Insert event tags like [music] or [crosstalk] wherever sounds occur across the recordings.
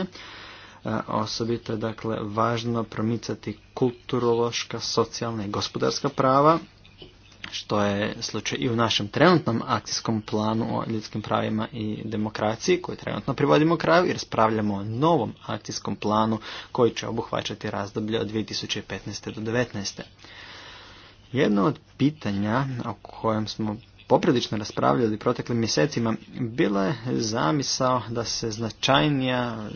E, osobito je dakle važno promicati kulturološka, socijalna i gospodarska prava, što je slučaj i u našem trenutnom akcijskom planu o ljudskim pravima i demokraciji koji trenutno privodimo kraju i raspravljamo o novom akcijskom planu koji će obuhvaćati razdoblje od 2015. do 2019. Jedno od pitanja o kojem smo poprilično raspravljali proteklim mjesecima, bila je zamisao da se značajnija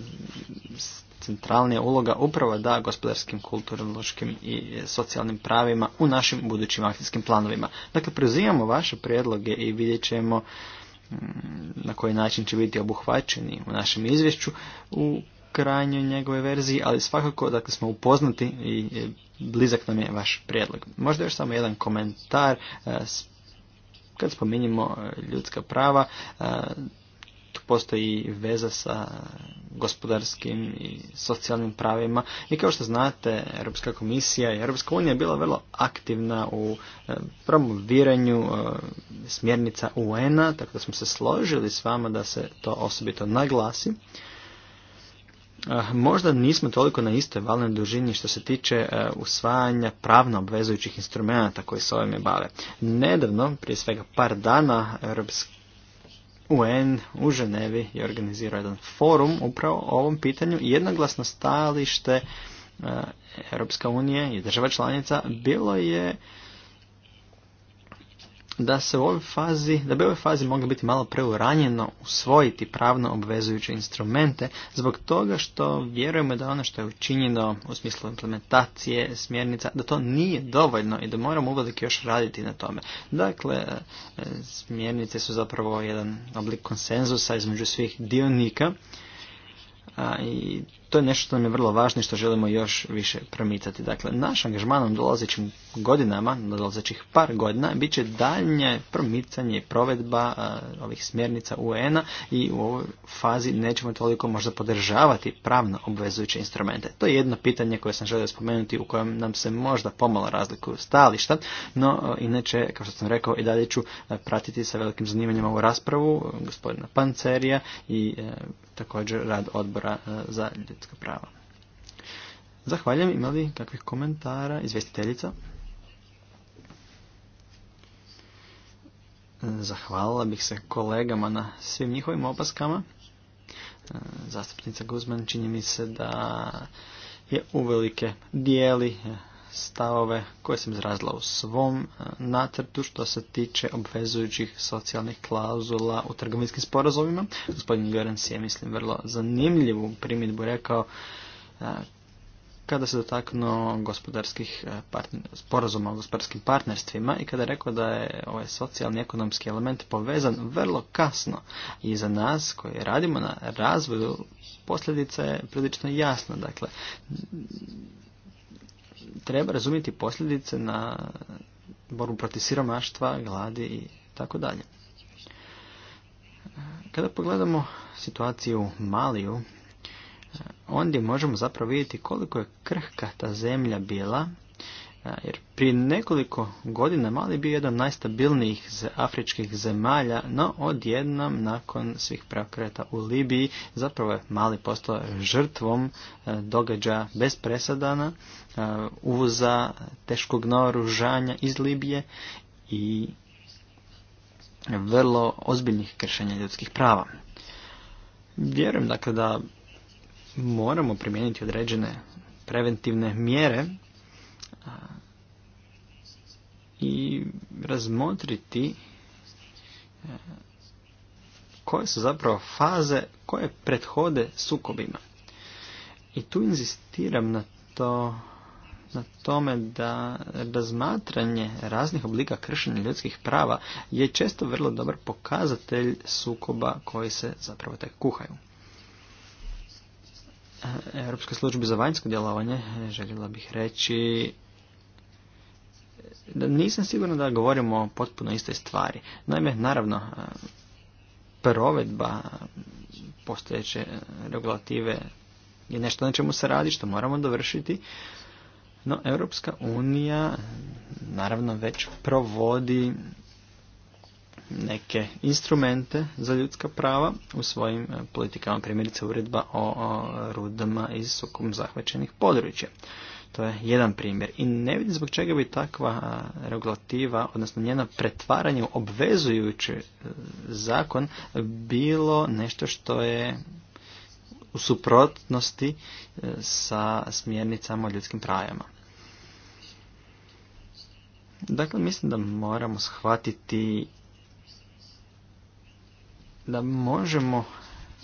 centralnija uloga upravo da gospodarskim, kulturološkim i socijalnim pravima u našim budućim akcijskim planovima. Dakle, preuzimamo vaše prijedloge i vidjet ćemo mm, na koji način će biti obuhvaćeni u našem izvješću u krajnjoj njegove verziji, ali svakako dakle, smo upoznati i e, blizak nam je vaš prijedlog. Možda još samo jedan komentar. E, kad spominjemo e, ljudska prava, e, tu postoji veza sa gospodarskim i socijalnim pravima. I kao što znate, Europska komisija i Europska unija je bila vrlo aktivna u e, promoviranju smjernica UN-a, tako da smo se složili s vama da se to osobito naglasi. Eh, možda nismo toliko na istoj valnoj dužini što se tiče eh, usvajanja pravno obvezujućih instrumenata koji se ovime bave. Nedavno, prije svega par dana, Europski UN u Ženevi je organizirao jedan forum upravo o ovom pitanju i jednoglasno stajalište eh, Europska unije i država članica bilo je da se u ovoj fazi, da bi u ovoj fazi moglo biti malo preuranjeno usvojiti pravno obvezujuće instrumente zbog toga što vjerujemo da ono što je učinjeno u smislu implementacije smjernica, da to nije dovoljno i da moramo uvelik još raditi na tome. Dakle, e, smjernice su zapravo jedan oblik konsenzusa između svih dionika a, I to je nešto što nam je vrlo važno i što želimo još više promicati. Dakle, naš angažman u dolazećim godinama, dolazećih par godina, bit će daljnje promicanje i provedba ovih smjernica UN-a i u ovoj fazi nećemo toliko možda podržavati pravno obvezujuće instrumente. To je jedno pitanje koje sam želio spomenuti u kojem nam se možda pomalo razlikuju stališta, no inače, kao što sam rekao, i dalje ću pratiti sa velikim zanimanjem ovu raspravu gospodina Pancerija i također rad odbora e, za ljudska prava. Zahvaljujem, imali kakvih komentara, izvjestiteljica? E, zahvalila bih se kolegama na svim njihovim opaskama. E, zastupnica Guzman čini mi se da je uvelike dijeli stavove koje sam izrazila u svom e, natrtu što se tiče obvezujućih socijalnih klauzula u trgovinskim sporazumima. Gospodin si je, mislim, vrlo zanimljivu primjedbu rekao e, kada se dotaknuo gospodarskih e, sporazuma o gospodarskim partnerstvima i kada je rekao da je ovaj socijalni ekonomski element povezan vrlo kasno i za nas koji radimo na razvoju posljedica je prilično jasna. Dakle, treba razumjeti posljedice na borbu protiv siromaštva, gladi i tako dalje. Kada pogledamo situaciju Maliju, ondje možemo zapravo vidjeti koliko je krhka ta zemlja bila jer prije nekoliko godina Mali bio jedan najstabilnijih afričkih zemalja, no odjednom nakon svih prakreta u Libiji zapravo je Mali postao žrtvom e, događa bez presadana, e, uvoza teškog naoružanja iz Libije i vrlo ozbiljnih kršenja ljudskih prava. Vjerujem dakle da moramo primijeniti određene preventivne mjere i razmotriti e, koje su zapravo faze koje prethode sukobima. I tu inzistiram na to na tome da razmatranje raznih oblika kršenja ljudskih prava je često vrlo dobar pokazatelj sukoba koji se zapravo tek kuhaju. E, Europske službi za vanjsko djelovanje e, željela bih reći nisam siguran da govorimo o potpuno iste stvari. Naime, naravno, provedba postojeće e, regulative je nešto na čemu se radi, što moramo dovršiti. No, Europska unija naravno već provodi neke instrumente za ljudska prava u svojim e, politikama, primjerice uredba o, rudama iz sukom zahvaćenih područja. To je jedan primjer. I ne vidim zbog čega bi takva regulativa, odnosno njena pretvaranje u obvezujući e, zakon, bilo nešto što je u suprotnosti e, sa smjernicama o ljudskim pravima. Dakle, mislim da moramo shvatiti da možemo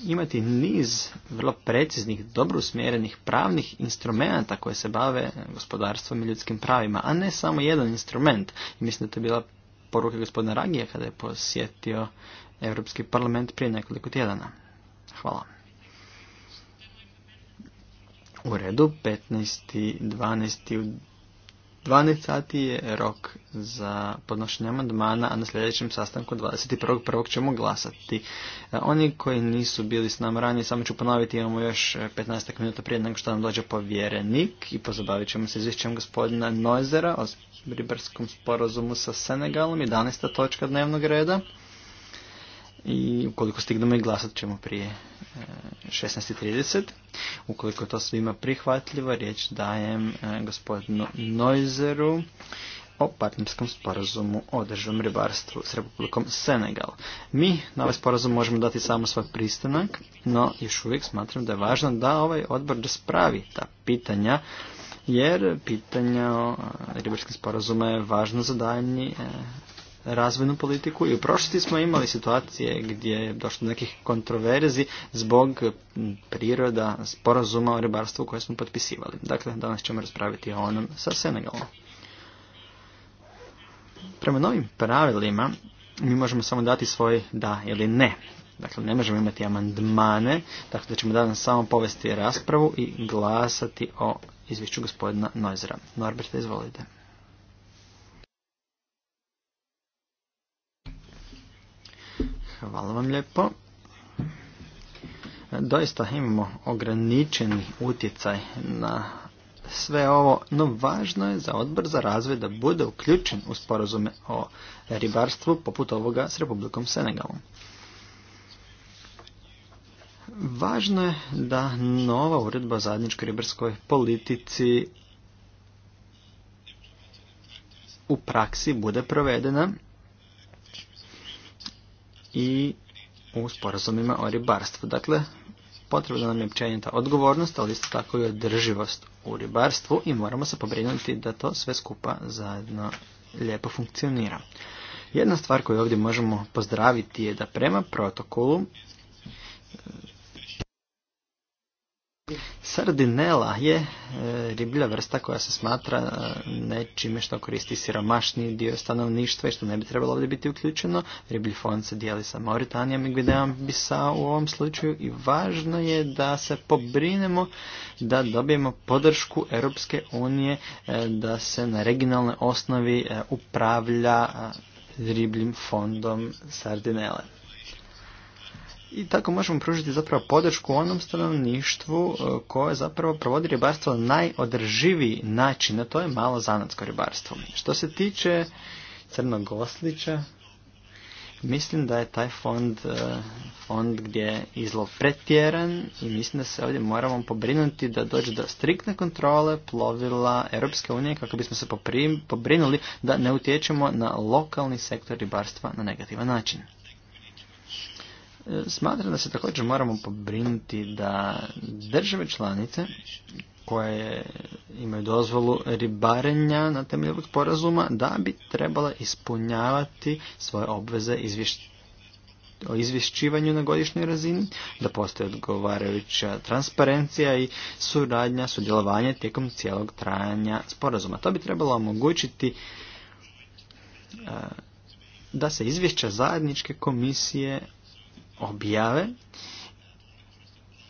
imati niz vrlo preciznih, dobro usmjerenih pravnih instrumenata koje se bave gospodarstvom i ljudskim pravima, a ne samo jedan instrument. I mislim da to je bila poruka gospodina Ragija kada je posjetio Europski parlament prije nekoliko tjedana. Hvala. U redu, 15.12. u 12 sati je rok za podnošenje amandmana, a na sljedećem sastanku 21.1. ćemo glasati. E, oni koji nisu bili s nama ranije, samo ću ponoviti, imamo još 15 e, minuta prije nego što nam dođe povjerenik i pozabavit ćemo se izvješćem gospodina Nojzera o ribarskom sporazumu sa Senegalom, 11. točka dnevnog reda. I ukoliko stignemo i glasat ćemo prije 16.30. Ukoliko to svima prihvatljivo, riječ dajem e, gospodinu Noizeru o partnerskom sporazumu o državnom ribarstvu s Republikom Senegal. Mi na ovaj sporazum možemo dati samo svoj pristanak, no još uvijek smatram da je važno da ovaj odbor raspravi ta pitanja, jer pitanja o e, ribarskim sporazuma je važno za daljnji e, razvojnu politiku i u prošlosti smo imali situacije gdje je došlo do nekih kontroverzi zbog priroda sporazuma o ribarstvu koje smo potpisivali. Dakle, danas ćemo raspraviti o onom sa Senegalom. Prema novim pravilima mi možemo samo dati svoj da ili ne. Dakle, ne možemo imati amandmane, Dakle, da ćemo danas samo povesti raspravu i glasati o izvješću gospodina Nojzera. Norbert, izvolite. Hvala vam lijepo. Doista imamo ograničeni utjecaj na sve ovo, no važno je za odbor za razvoj da bude uključen u sporazume o ribarstvu poput ovoga s Republikom Senegalom. Važno je da nova uredba o zajedničkoj ribarskoj politici u praksi bude provedena i u sporazumima o ribarstvu. Dakle, potrebna nam je općenita odgovornost, ali isto tako i održivost u ribarstvu i moramo se pobrinuti da to sve skupa zajedno lijepo funkcionira. Jedna stvar koju ovdje možemo pozdraviti je da prema protokolu Sardinela je e, riblja vrsta koja se smatra e, nečime što koristi siromašniji dio stanovništva i što ne bi trebalo ovdje biti uključeno. Riblji fond se dijeli sa Mauritanijom i Gvineom Bisao u ovom slučaju i važno je da se pobrinemo da dobijemo podršku Europske unije e, da se na regionalnoj osnovi upravlja ribljim fondom Sardinele i tako možemo pružiti zapravo podršku onom stanovništvu e, koje zapravo provodi ribarstvo na najodrživiji način, a to je malo zanatsko ribarstvo. Što se tiče crnog oslića, mislim da je taj fond, e, fond gdje je izlov pretjeran i mislim da se ovdje moramo pobrinuti da dođe do striktne kontrole plovila Europske unije kako bismo se pobrinuli da ne utječemo na lokalni sektor ribarstva na negativan način. Smatram da se također moramo pobrinuti da države članice koje imaju dozvolu ribarenja na temelju sporazuma da bi trebala ispunjavati svoje obveze o izvješćivanju na godišnjoj razini, da postoji odgovarajuća transparencija i suradnja, sudjelovanje tijekom cijelog trajanja sporazuma. To bi trebalo omogućiti e, da se izvješća zajedničke komisije objave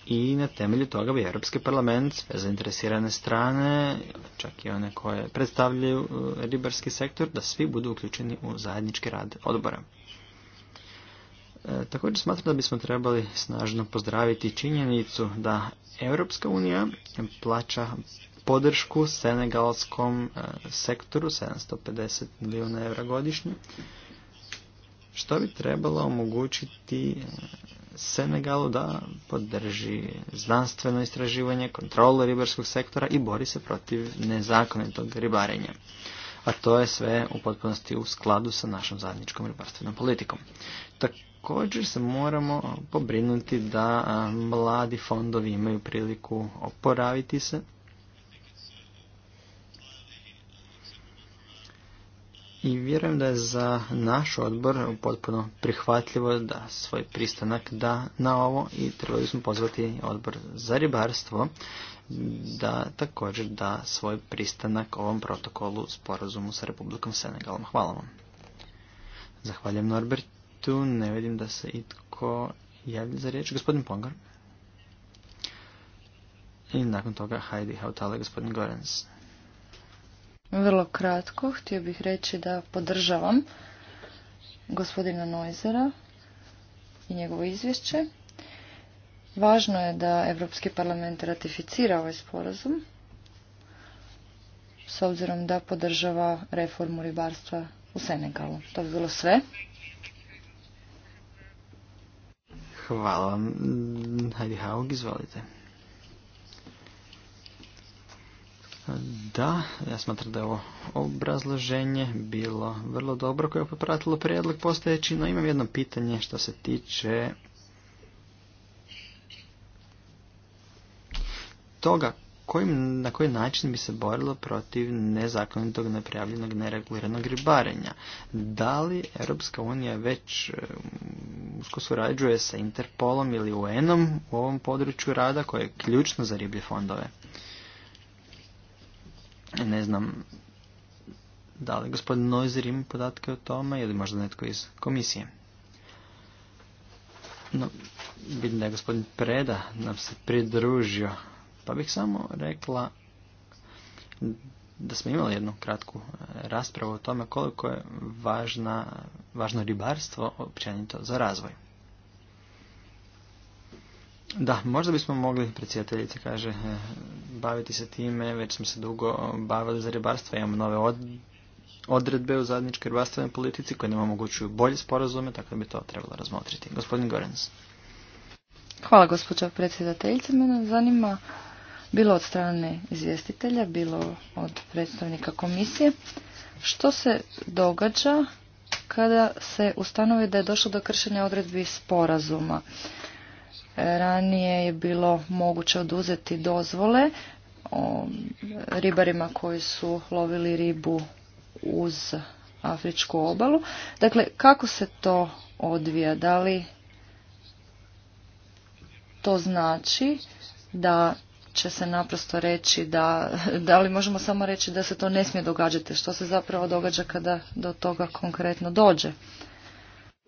i na temelju toga bi Europski parlament, sve zainteresirane strane, čak i one koje predstavljaju uh, ribarski sektor, da svi budu uključeni u zajednički rad odbora. E, također smatram da bismo trebali snažno pozdraviti činjenicu da Europska unija plaća podršku senegalskom e, sektoru 750 milijuna eura godišnje što bi trebalo omogućiti e, Senegalu da podrži znanstveno istraživanje, kontrolu ribarskog sektora i bori se protiv nezakonitog ribarenja. A to je sve u potpunosti u skladu sa našom zajedničkom ribarstvenom politikom. Također se moramo pobrinuti da mladi fondovi imaju priliku oporaviti se I vjerujem da je za naš odbor potpuno prihvatljivo da svoj pristanak da na ovo i trebali smo pozvati odbor za ribarstvo da također da svoj pristanak ovom protokolu sporazumu sa Republikom Senegalom. Hvala vam. Zahvaljujem Norbertu, ne vidim da se itko javlja za riječ. Gospodin Pongar. I nakon toga Heidi Hautala i gospodin Gorens. Vrlo kratko, htio bih reći da podržavam gospodina Noizera i njegovo izvješće. Važno je da Europski parlament ratificira ovaj sporazum s obzirom da podržava reformu ribarstva u Senegalu. To bi bilo sve. Hvala vam. izvolite. Da, ja smatram da je ovo obrazloženje bilo vrlo dobro koje je popratilo prijedlog postojeći, no imam jedno pitanje što se tiče toga kojim, na koji način bi se borilo protiv nezakonitog, neprijavljenog, nereguliranog ribarenja. Da li Europska unija već e, usko surađuje sa Interpolom ili UN-om u ovom području rada koje je ključno za riblje fondove? Ne znam da li gospodin Noizer ima podatke o tome ili možda netko iz komisije. No, vidim da je gospodin Preda nam se pridružio, pa bih samo rekla da smo imali jednu kratku e, raspravu o tome koliko je važna, važno ribarstvo općenito za razvoj. Da, možda bismo mogli, predsjedateljici kaže, e, baviti se time, već smo se dugo bavili za ribarstvo, imamo nove od, odredbe u zajedničkoj ribarstvenoj politici koje nam omogućuju bolje sporazume, tako da bi to trebalo razmotriti. Gospodin Gorens. Hvala gospođa predsjedateljice. Mene zanima bilo od strane izvjestitelja, bilo od predstavnika komisije. Što se događa kada se ustanovi da je došlo do kršenja odredbi sporazuma? Ranije je bilo moguće oduzeti dozvole ribarima koji su lovili ribu uz Afričku obalu. Dakle, kako se to odvija? Da li to znači da će se naprosto reći da, [laughs] da li možemo samo reći da se to ne smije događati, što se zapravo događa kada do toga konkretno dođe.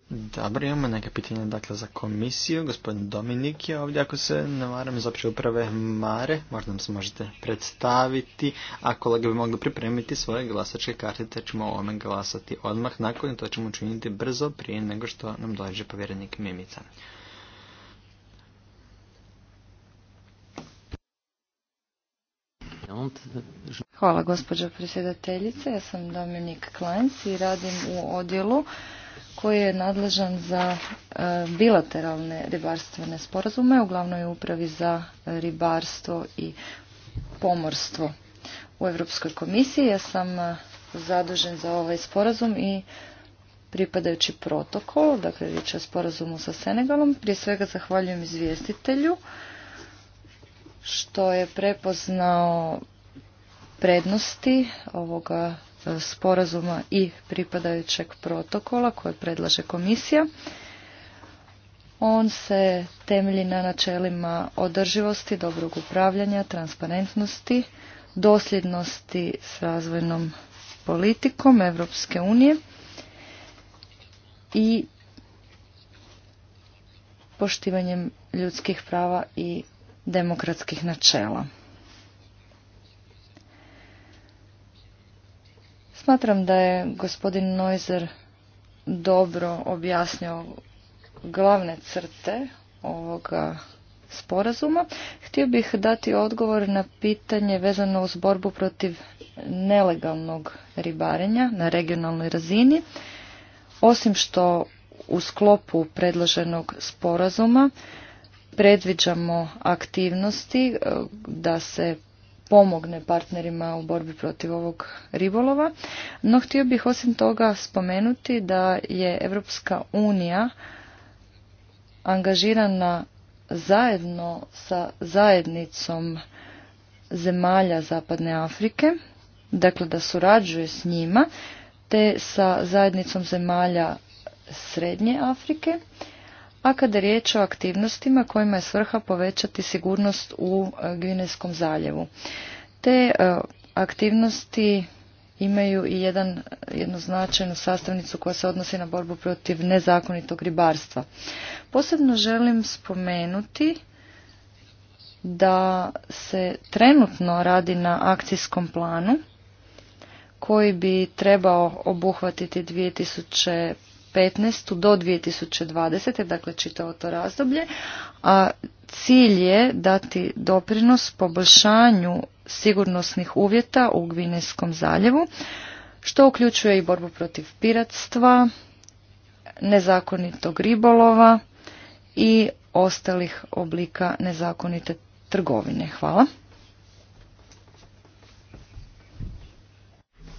Dobro, imamo neke pitanja dakle, za komisiju. Gospodin Dominik je ovdje, ako se ne varam, iz opće uprave Mare. Možda nam se možete predstaviti. A kolege bi mogli pripremiti svoje glasačke kartice, ćemo o ovome glasati odmah nakon to ćemo učiniti brzo prije nego što nam dođe povjerenik Mimica. Hvala gospođo predsjedateljice, ja sam Dominik Klenc i radim u odjelu koji je nadležan za e, bilateralne ribarstvene sporazume u glavnoj upravi za ribarstvo i pomorstvo u Europskoj komisiji. Ja sam e, zadužen za ovaj sporazum i pripadajući protokol, dakle riječ je o sporazumu sa Senegalom. Prije svega zahvaljujem izvjestitelju što je prepoznao prednosti ovoga sporazuma i pripadajućeg protokola koje predlaže komisija. On se temelji na načelima održivosti, dobrog upravljanja, transparentnosti, dosljednosti s razvojnom politikom Europske unije i poštivanjem ljudskih prava i demokratskih načela. Smatram da je gospodin Noizer dobro objasnio glavne crte ovoga sporazuma. Htio bih dati odgovor na pitanje vezano uz borbu protiv nelegalnog ribarenja na regionalnoj razini. Osim što u sklopu predloženog sporazuma predviđamo aktivnosti e, da se pomogne partnerima u borbi protiv ovog ribolova. No htio bih osim toga spomenuti da je Europska unija angažirana zajedno sa zajednicom zemalja Zapadne Afrike, dakle da surađuje s njima, te sa zajednicom zemalja Srednje Afrike a kada je riječ o aktivnostima kojima je svrha povećati sigurnost u e, Gvinejskom zaljevu. Te e, aktivnosti imaju i jedan, jednu značajnu sastavnicu koja se odnosi na borbu protiv nezakonitog ribarstva. Posebno želim spomenuti da se trenutno radi na akcijskom planu koji bi trebao obuhvatiti 2015. do 2020. dakle čitavo to razdoblje, a cilj je dati doprinos poboljšanju sigurnosnih uvjeta u Gvineskom zaljevu, što uključuje i borbu protiv piratstva, nezakonitog ribolova i ostalih oblika nezakonite trgovine. Hvala.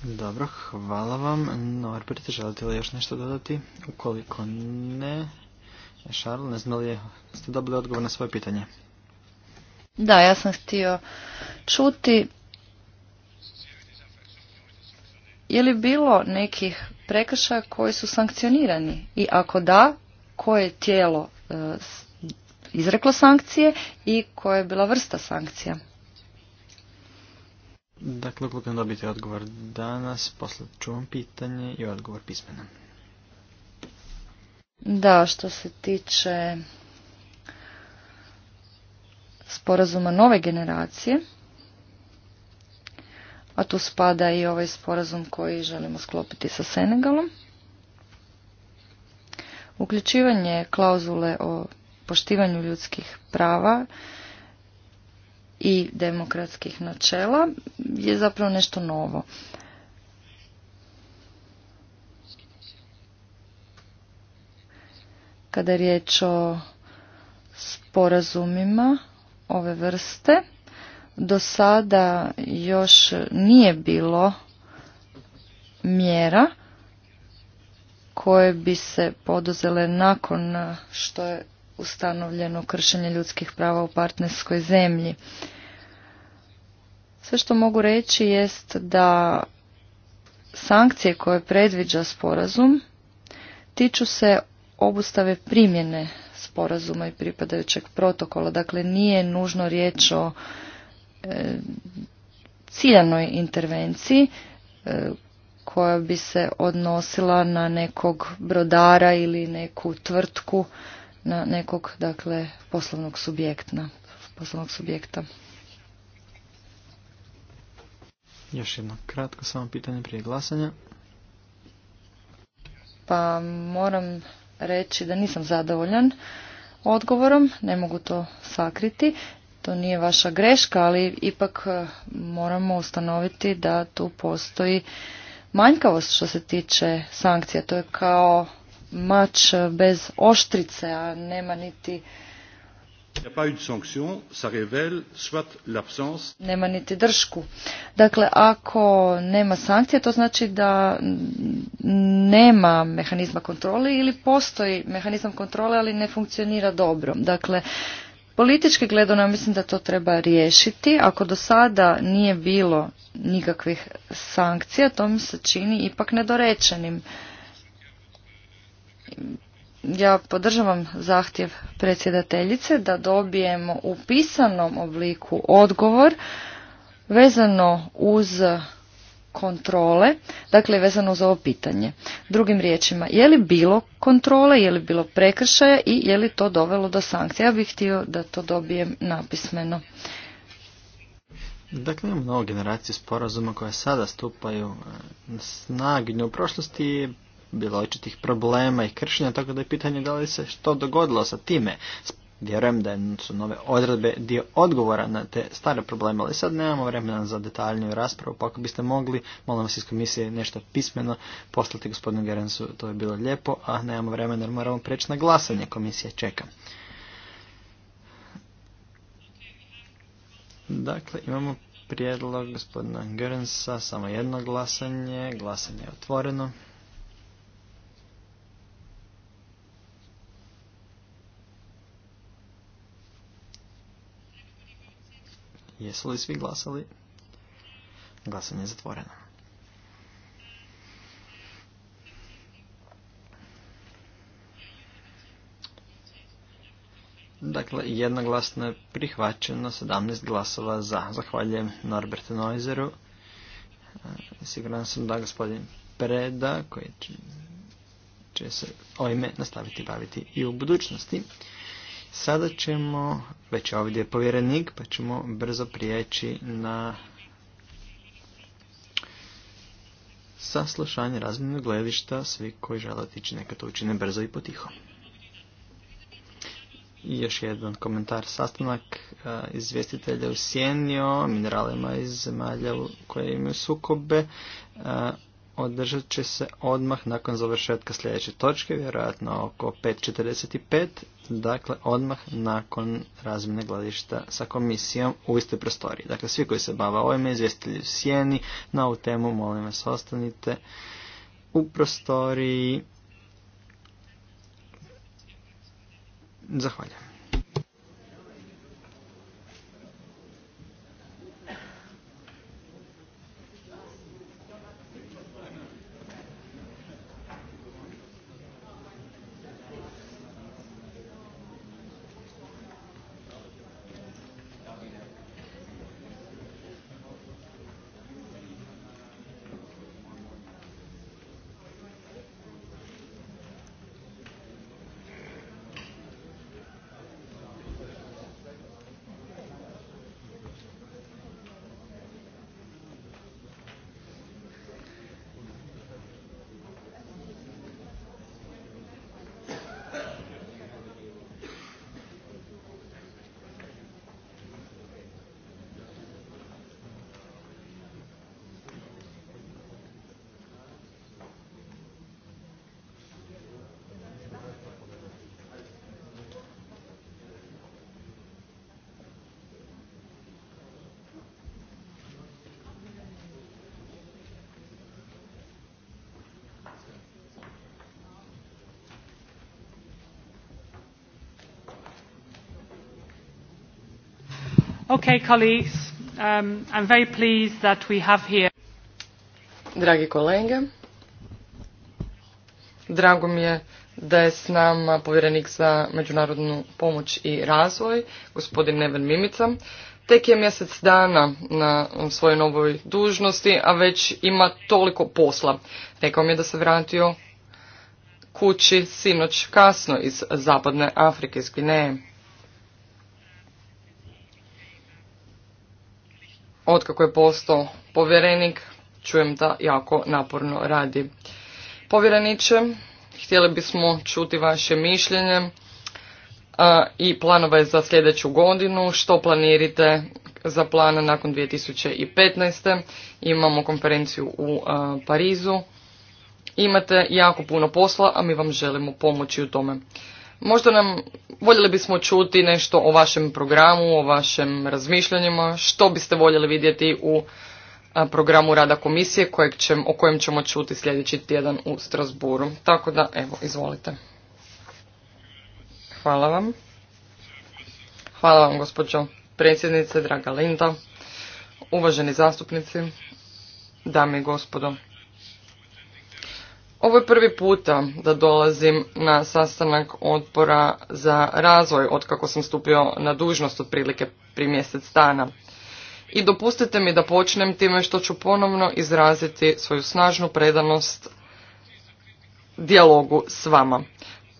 Dobro, hvala vam. Norbert, želite li još nešto dodati? Ukoliko ne, Šarl, ne znam li ste dobili odgovor na svoje pitanje? Da, ja sam htio čuti je li bilo nekih prekršaja koji su sankcionirani i ako da, koje tijelo e, izreklo sankcije i koja je bila vrsta sankcija? Dakle, ukoliko dobiti odgovor danas, poslat ću vam pitanje i odgovor pismena. Da, što se tiče sporazuma nove generacije, a tu spada i ovaj sporazum koji želimo sklopiti sa Senegalom. Uključivanje klauzule o poštivanju ljudskih prava i demokratskih načela je zapravo nešto novo. Kada je riječ o sporazumima ove vrste, do sada još nije bilo mjera koje bi se poduzele nakon što je ustanovljeno kršenje ljudskih prava u partnerskoj zemlji. Sve što mogu reći jest da sankcije koje predviđa sporazum tiču se obustave primjene sporazuma i pripadajućeg protokola. Dakle, nije nužno riječ o e, ciljanoj intervenciji e, koja bi se odnosila na nekog brodara ili neku tvrtku na nekog dakle poslovnog subjekta poslovnog subjekta još jedno kratko samo pitanje prije glasanja pa moram reći da nisam zadovoljan odgovorom ne mogu to sakriti to nije vaša greška ali ipak eh, moramo ustanoviti da tu postoji manjkavost što se tiče sankcija to je kao mač bez oštrice, a nema niti nema niti dršku. Dakle, ako nema sankcije, to znači da nema mehanizma kontrole ili postoji mehanizam kontrole, ali ne funkcionira dobro. Dakle, politički gledano mislim da to treba riješiti. Ako do sada nije bilo nikakvih sankcija, to mi se čini ipak nedorečenim ja podržavam zahtjev predsjedateljice da dobijemo u pisanom obliku odgovor vezano uz kontrole, dakle vezano uz ovo pitanje. Drugim riječima, je li bilo kontrole, je li bilo prekršaja i je li to dovelo do sankcija? Ja bih htio da to dobijem napismeno. Dakle, imamo novu generaciju sporazuma koja sada stupaju e, na U prošlosti bilo očitih problema i kršenja, tako da je pitanje da li se što dogodilo sa time. Vjerujem da su nove odredbe dio odgovora na te stare probleme, ali sad nemamo vremena za detaljniju raspravu, pa ako biste mogli, molim vas iz komisije nešto pismeno poslati gospodinu Gerensu, to je bilo lijepo, a nemamo vremena jer moramo preći na glasanje, komisija čeka. Dakle, imamo prijedlog gospodina Gerensa, samo jedno glasanje, glasanje je otvoreno. Jesu li svi glasali? Glasanje je zatvoreno. Dakle, jednoglasno je prihvaćeno 17 glasova za. Zahvaljujem Norbertu Noizeru. E, siguran sam da gospodin Preda, koji će, će se ovime nastaviti baviti i u budućnosti. Sada ćemo, već ovdje je povjerenik, pa ćemo brzo prijeći na saslušanje razmjene gledišta svi koji žele otići neka to učine brzo i potiho. I još jedan komentar, sastanak e, izvjestitelja u usjenjo mineralima iz zemalja koje imaju sukobe e, održat će se odmah nakon završetka sljedeće točke, vjerojatno oko 5.45, dakle odmah nakon razmjene gladišta sa komisijom u istoj prostoriji. Dakle, svi koji se bava ovime, izvjestili u sjeni, na ovu temu, molim vas, ostanite u prostoriji. Zahvaljujem. Um, Dragi kolege, drago mi je da je s nama povjerenik za međunarodnu pomoć i razvoj, gospodin Neven Mimica. Tek je mjesec dana na svojoj novoj dužnosti, a već ima toliko posla. Rekao mi je da se vratio kući sinoć kasno iz zapadne Afrike, iz Gvineje. kako je postao povjerenik, čujem da jako naporno radi. Povjereniče, htjeli bismo čuti vaše mišljenje e, i planove za sljedeću godinu, što planirite za plan nakon 2015. Imamo konferenciju u e, Parizu. Imate jako puno posla, a mi vam želimo pomoći u tome. Možda nam, voljeli bismo čuti nešto o vašem programu, o vašem razmišljanjima, što biste voljeli vidjeti u programu rada komisije kojeg o kojem ćemo čuti sljedeći tjedan u Strasburu. Tako da, evo, izvolite. Hvala vam. Hvala vam, gospođo predsjednice, draga Linda, uvaženi zastupnici, dame i gospodo. Ovo je prvi puta da dolazim na sastanak odbora za razvoj od kako sam stupio na dužnost otprilike pri mjesec dana. I dopustite mi da počnem time što ću ponovno izraziti svoju snažnu predanost dijalogu s vama.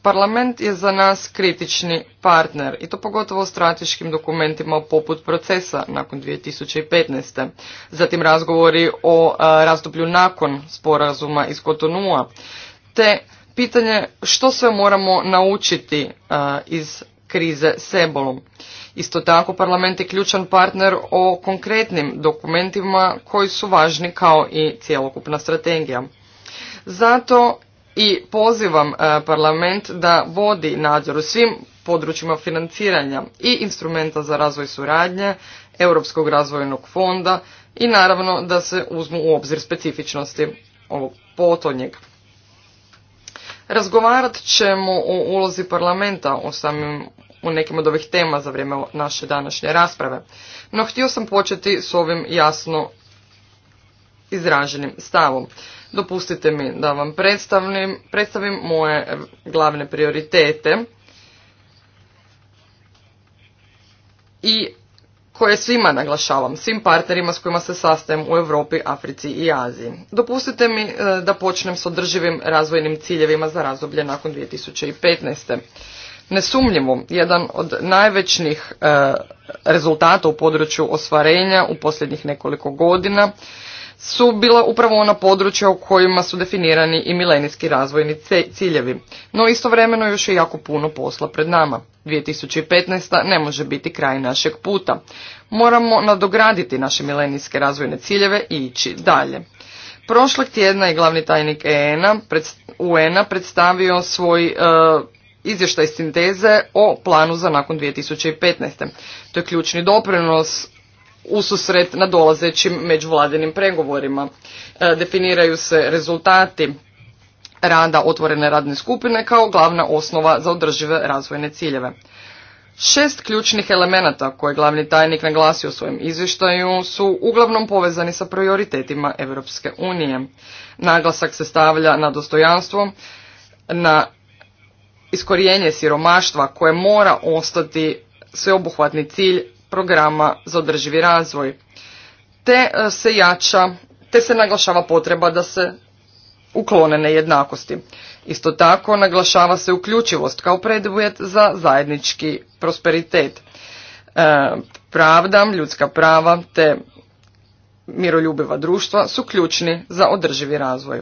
Parlament je za nas kritični partner i to pogotovo u strateškim dokumentima poput procesa nakon 2015. Zatim razgovori o e, razdoblju nakon sporazuma iz Kotonua te pitanje što sve moramo naučiti e, iz krize s ebolom. Isto tako parlament je ključan partner o konkretnim dokumentima koji su važni kao i cjelokupna strategija. Zato i pozivam e, parlament da vodi nadzor u svim područjima financiranja i instrumenta za razvoj suradnje, Europskog razvojnog fonda i naravno da se uzmu u obzir specifičnosti ovog potonjeg. Razgovarat ćemo o ulozi parlamenta o samim u nekim od ovih tema za vrijeme naše današnje rasprave. No htio sam početi s ovim jasno izraženim stavom. Dopustite mi da vam predstavim, predstavim moje glavne prioritete i koje svima naglašavam, svim partnerima s kojima se sastajem u Europi, Africi i Aziji. Dopustite mi e, da počnem s održivim razvojnim ciljevima za razdoblje nakon 2015. Nesumnjivo, jedan od najvećih e, rezultata u području ostvarenja u posljednjih nekoliko godina su bila upravo ona područja u kojima su definirani i milenijski razvojni ciljevi. No istovremeno još je jako puno posla pred nama. 2015. ne može biti kraj našeg puta. Moramo nadograditi naše milenijske razvojne ciljeve i ići dalje. Prošlog tjedna je glavni tajnik UN-a e UN predstavio svoj e, izvještaj sinteze o planu za nakon 2015. To je ključni doprinos ususret na dolazećim međuvladinim pregovorima. E, definiraju se rezultati rada otvorene radne skupine kao glavna osnova za održive razvojne ciljeve. Šest ključnih elemenata koje glavni tajnik naglasio u svojem izvještaju su uglavnom povezani sa prioritetima Europske unije. Naglasak se stavlja na dostojanstvo, na iskorijenje siromaštva koje mora ostati sveobuhvatni cilj programa za održivi razvoj. Te e, se jača, te se naglašava potreba da se uklone nejednakosti. Isto tako naglašava se uključivost kao preduvjet za zajednički prosperitet. E, pravda, ljudska prava te miroljubiva društva su ključni za održivi razvoj.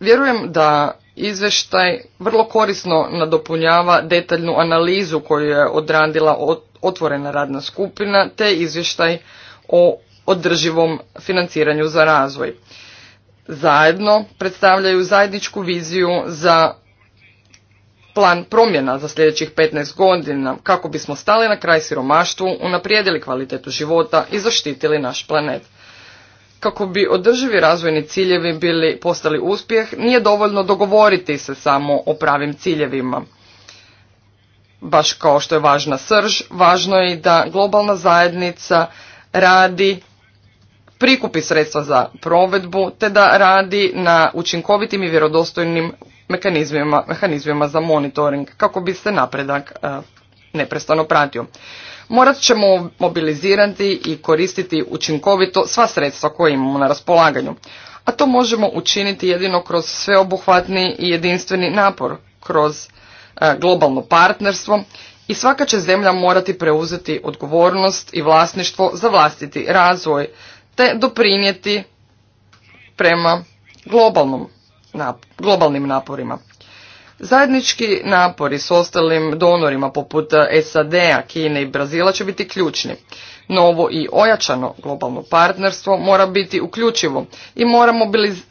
Vjerujem da izvještaj vrlo korisno nadopunjava detaljnu analizu koju je odradila otvorena radna skupina te izvještaj o održivom financiranju za razvoj. Zajedno predstavljaju zajedničku viziju za plan promjena za sljedećih 15 godina kako bismo stali na kraj siromaštvu, unaprijedili kvalitetu života i zaštitili naš planet kako bi održivi razvojni ciljevi bili postali uspjeh, nije dovoljno dogovoriti se samo o pravim ciljevima. Baš kao što je važna srž, važno je i da globalna zajednica radi prikupi sredstva za provedbu, te da radi na učinkovitim i vjerodostojnim mehanizmima, za monitoring kako bi se napredak e, neprestano pratio morat ćemo mobilizirati i koristiti učinkovito sva sredstva koje imamo na raspolaganju. A to možemo učiniti jedino kroz sveobuhvatni i jedinstveni napor, kroz e, globalno partnerstvo i svaka će zemlja morati preuzeti odgovornost i vlasništvo za vlastiti razvoj, te doprinijeti prema globalnom, globalnim naporima. Zajednički napori s ostalim donorima poput SAD-a, Kine i Brazila će biti ključni. Novo i ojačano globalno partnerstvo mora biti uključivo i mora, mobiliz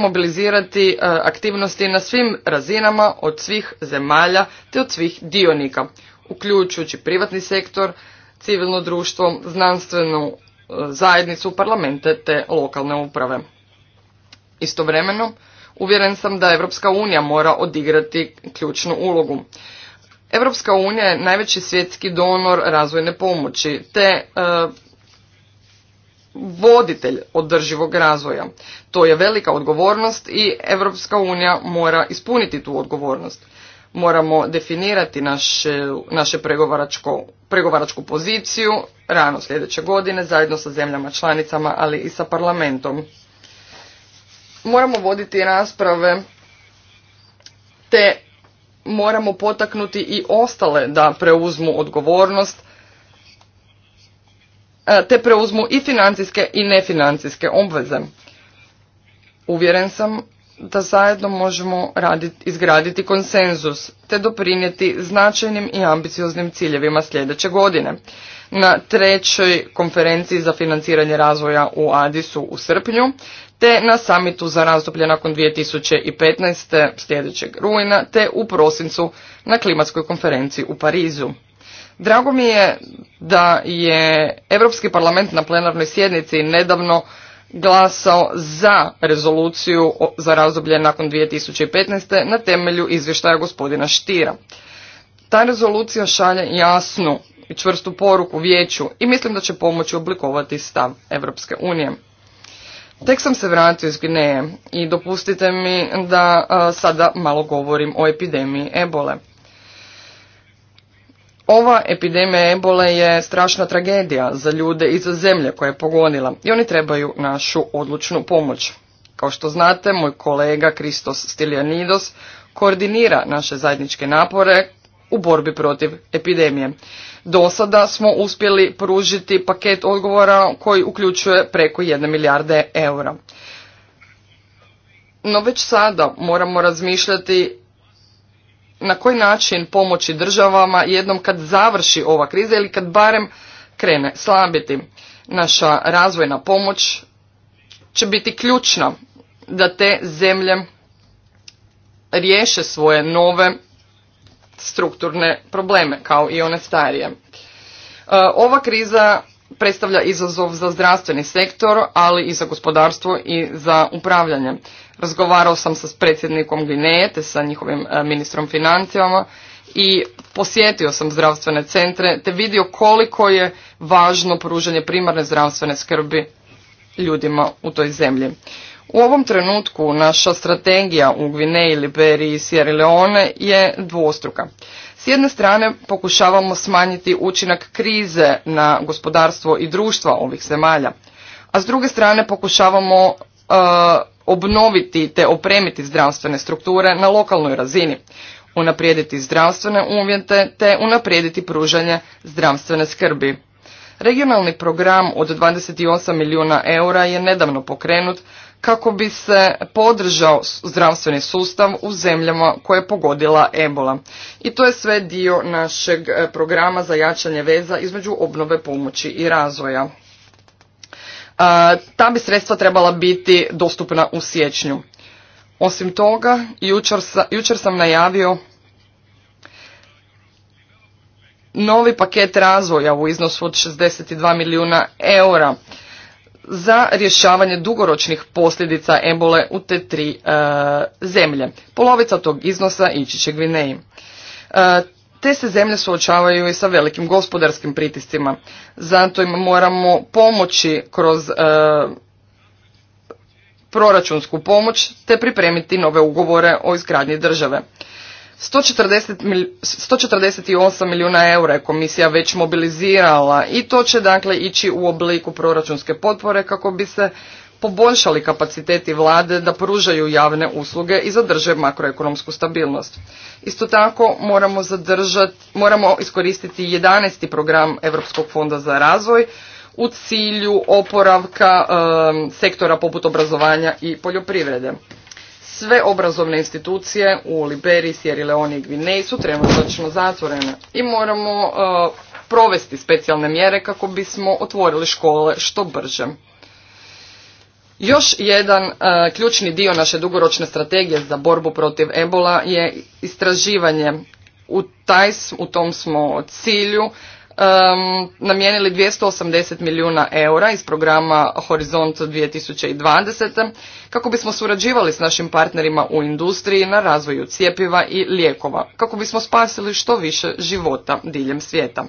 mobilizirati e, aktivnosti na svim razinama od svih zemalja te od svih dionika, uključujući privatni sektor, civilno društvo, znanstvenu e, zajednicu, parlamente te lokalne uprave. Istovremeno, Uvjeren sam da Europska unija mora odigrati ključnu ulogu. Europska unija je najveći svjetski donor razvojne pomoći te e, voditelj održivog razvoja. To je velika odgovornost i Europska unija mora ispuniti tu odgovornost. Moramo definirati naše, naše pregovaračku poziciju rano sljedeće godine zajedno sa zemljama članicama, ali i sa parlamentom moramo voditi rasprave te moramo potaknuti i ostale da preuzmu odgovornost e, te preuzmu i financijske i nefinancijske obveze. Uvjeren sam da zajedno možemo izgraditi konsenzus te doprinijeti značajnim i ambicioznim ciljevima sljedeće godine. Na trećoj konferenciji za financiranje razvoja u Adisu u srpnju te na samitu za razdoblje nakon 2015. sljedećeg rujna, te u prosincu na klimatskoj konferenciji u Parizu. Drago mi je da je Europski parlament na plenarnoj sjednici nedavno glasao za rezoluciju za razdoblje nakon 2015. na temelju izvještaja gospodina Štira. Ta rezolucija šalje jasnu i čvrstu poruku vijeću i mislim da će pomoći oblikovati stav Europske unije. Tek sam se vratio iz Gineje i dopustite mi da sada malo govorim o epidemiji ebole. Ova epidemija ebole je strašna tragedija za ljude i za zemlje koje je pogonila i oni trebaju našu odlučnu pomoć. Kao što znate, moj kolega Kristos Stilianidos koordinira naše zajedničke napore u borbi protiv epidemije. Do sada smo uspjeli pružiti paket odgovora koji uključuje preko 1 milijarde eura. No već sada moramo razmišljati na koji način pomoći državama jednom kad završi ova kriza ili kad barem krene slabiti. Naša razvojna pomoć će biti ključna da te zemlje riješe svoje nove strukturne probleme kao i one starije. E, ova kriza predstavlja izazov za zdravstveni sektor, ali i za gospodarstvo i za upravljanje. Razgovarao sam sa predsjednikom Gineje te sa njihovim e, ministrom financijama i posjetio sam zdravstvene centre te vidio koliko je važno pružanje primarne zdravstvene skrbi ljudima u toj zemlji. U ovom trenutku naša strategija u Gvineji, Liberiji i Sierra Leone je dvostruka. S jedne strane pokušavamo smanjiti učinak krize na gospodarstvo i društva ovih zemalja, a s druge strane pokušavamo e, obnoviti te opremiti zdravstvene strukture na lokalnoj razini, unaprijediti zdravstvene uvjete te unaprijediti pružanje zdravstvene skrbi. Regionalni program od 28 milijuna eura je nedavno pokrenut, kako bi se podržao zdravstveni sustav u zemljama koje je pogodila ebola. I to je sve dio našeg e, programa za jačanje veza između obnove pomoći i razvoja. E, ta bi sredstva trebala biti dostupna u siječnju. Osim toga, jučer, jučer sam najavio novi paket razvoja u iznosu od 62 milijuna eura za rješavanje dugoročnih posljedica embole u te tri e, zemlje. Polovica tog iznosa ići će Gvineji. E, te se zemlje suočavaju i sa velikim gospodarskim pritiscima. Zato im moramo pomoći kroz e, proračunsku pomoć te pripremiti nove ugovore o izgradnji države. 148 milijuna eura je komisija već mobilizirala i to će dakle ići u obliku proračunske potpore kako bi se poboljšali kapaciteti vlade da pružaju javne usluge i zadrže makroekonomsku stabilnost. Isto tako moramo, zadržati, moramo iskoristiti 11. program Europskog fonda za razvoj u cilju oporavka ehm, sektora poput obrazovanja i poljoprivrede. Sve obrazovne institucije u Liberiji, Sjeri Leoni i Gvineji su trenutno zatvorene i moramo uh, provesti specijalne mjere kako bismo otvorili škole što brže. Još jedan uh, ključni dio naše dugoročne strategije za borbu protiv ebola je istraživanje. U, taj, u tom smo cilju um, namijenili 280 milijuna eura iz programa Horizont 2020. kako bismo surađivali s našim partnerima u industriji na razvoju cijepiva i lijekova, kako bismo spasili što više života diljem svijeta.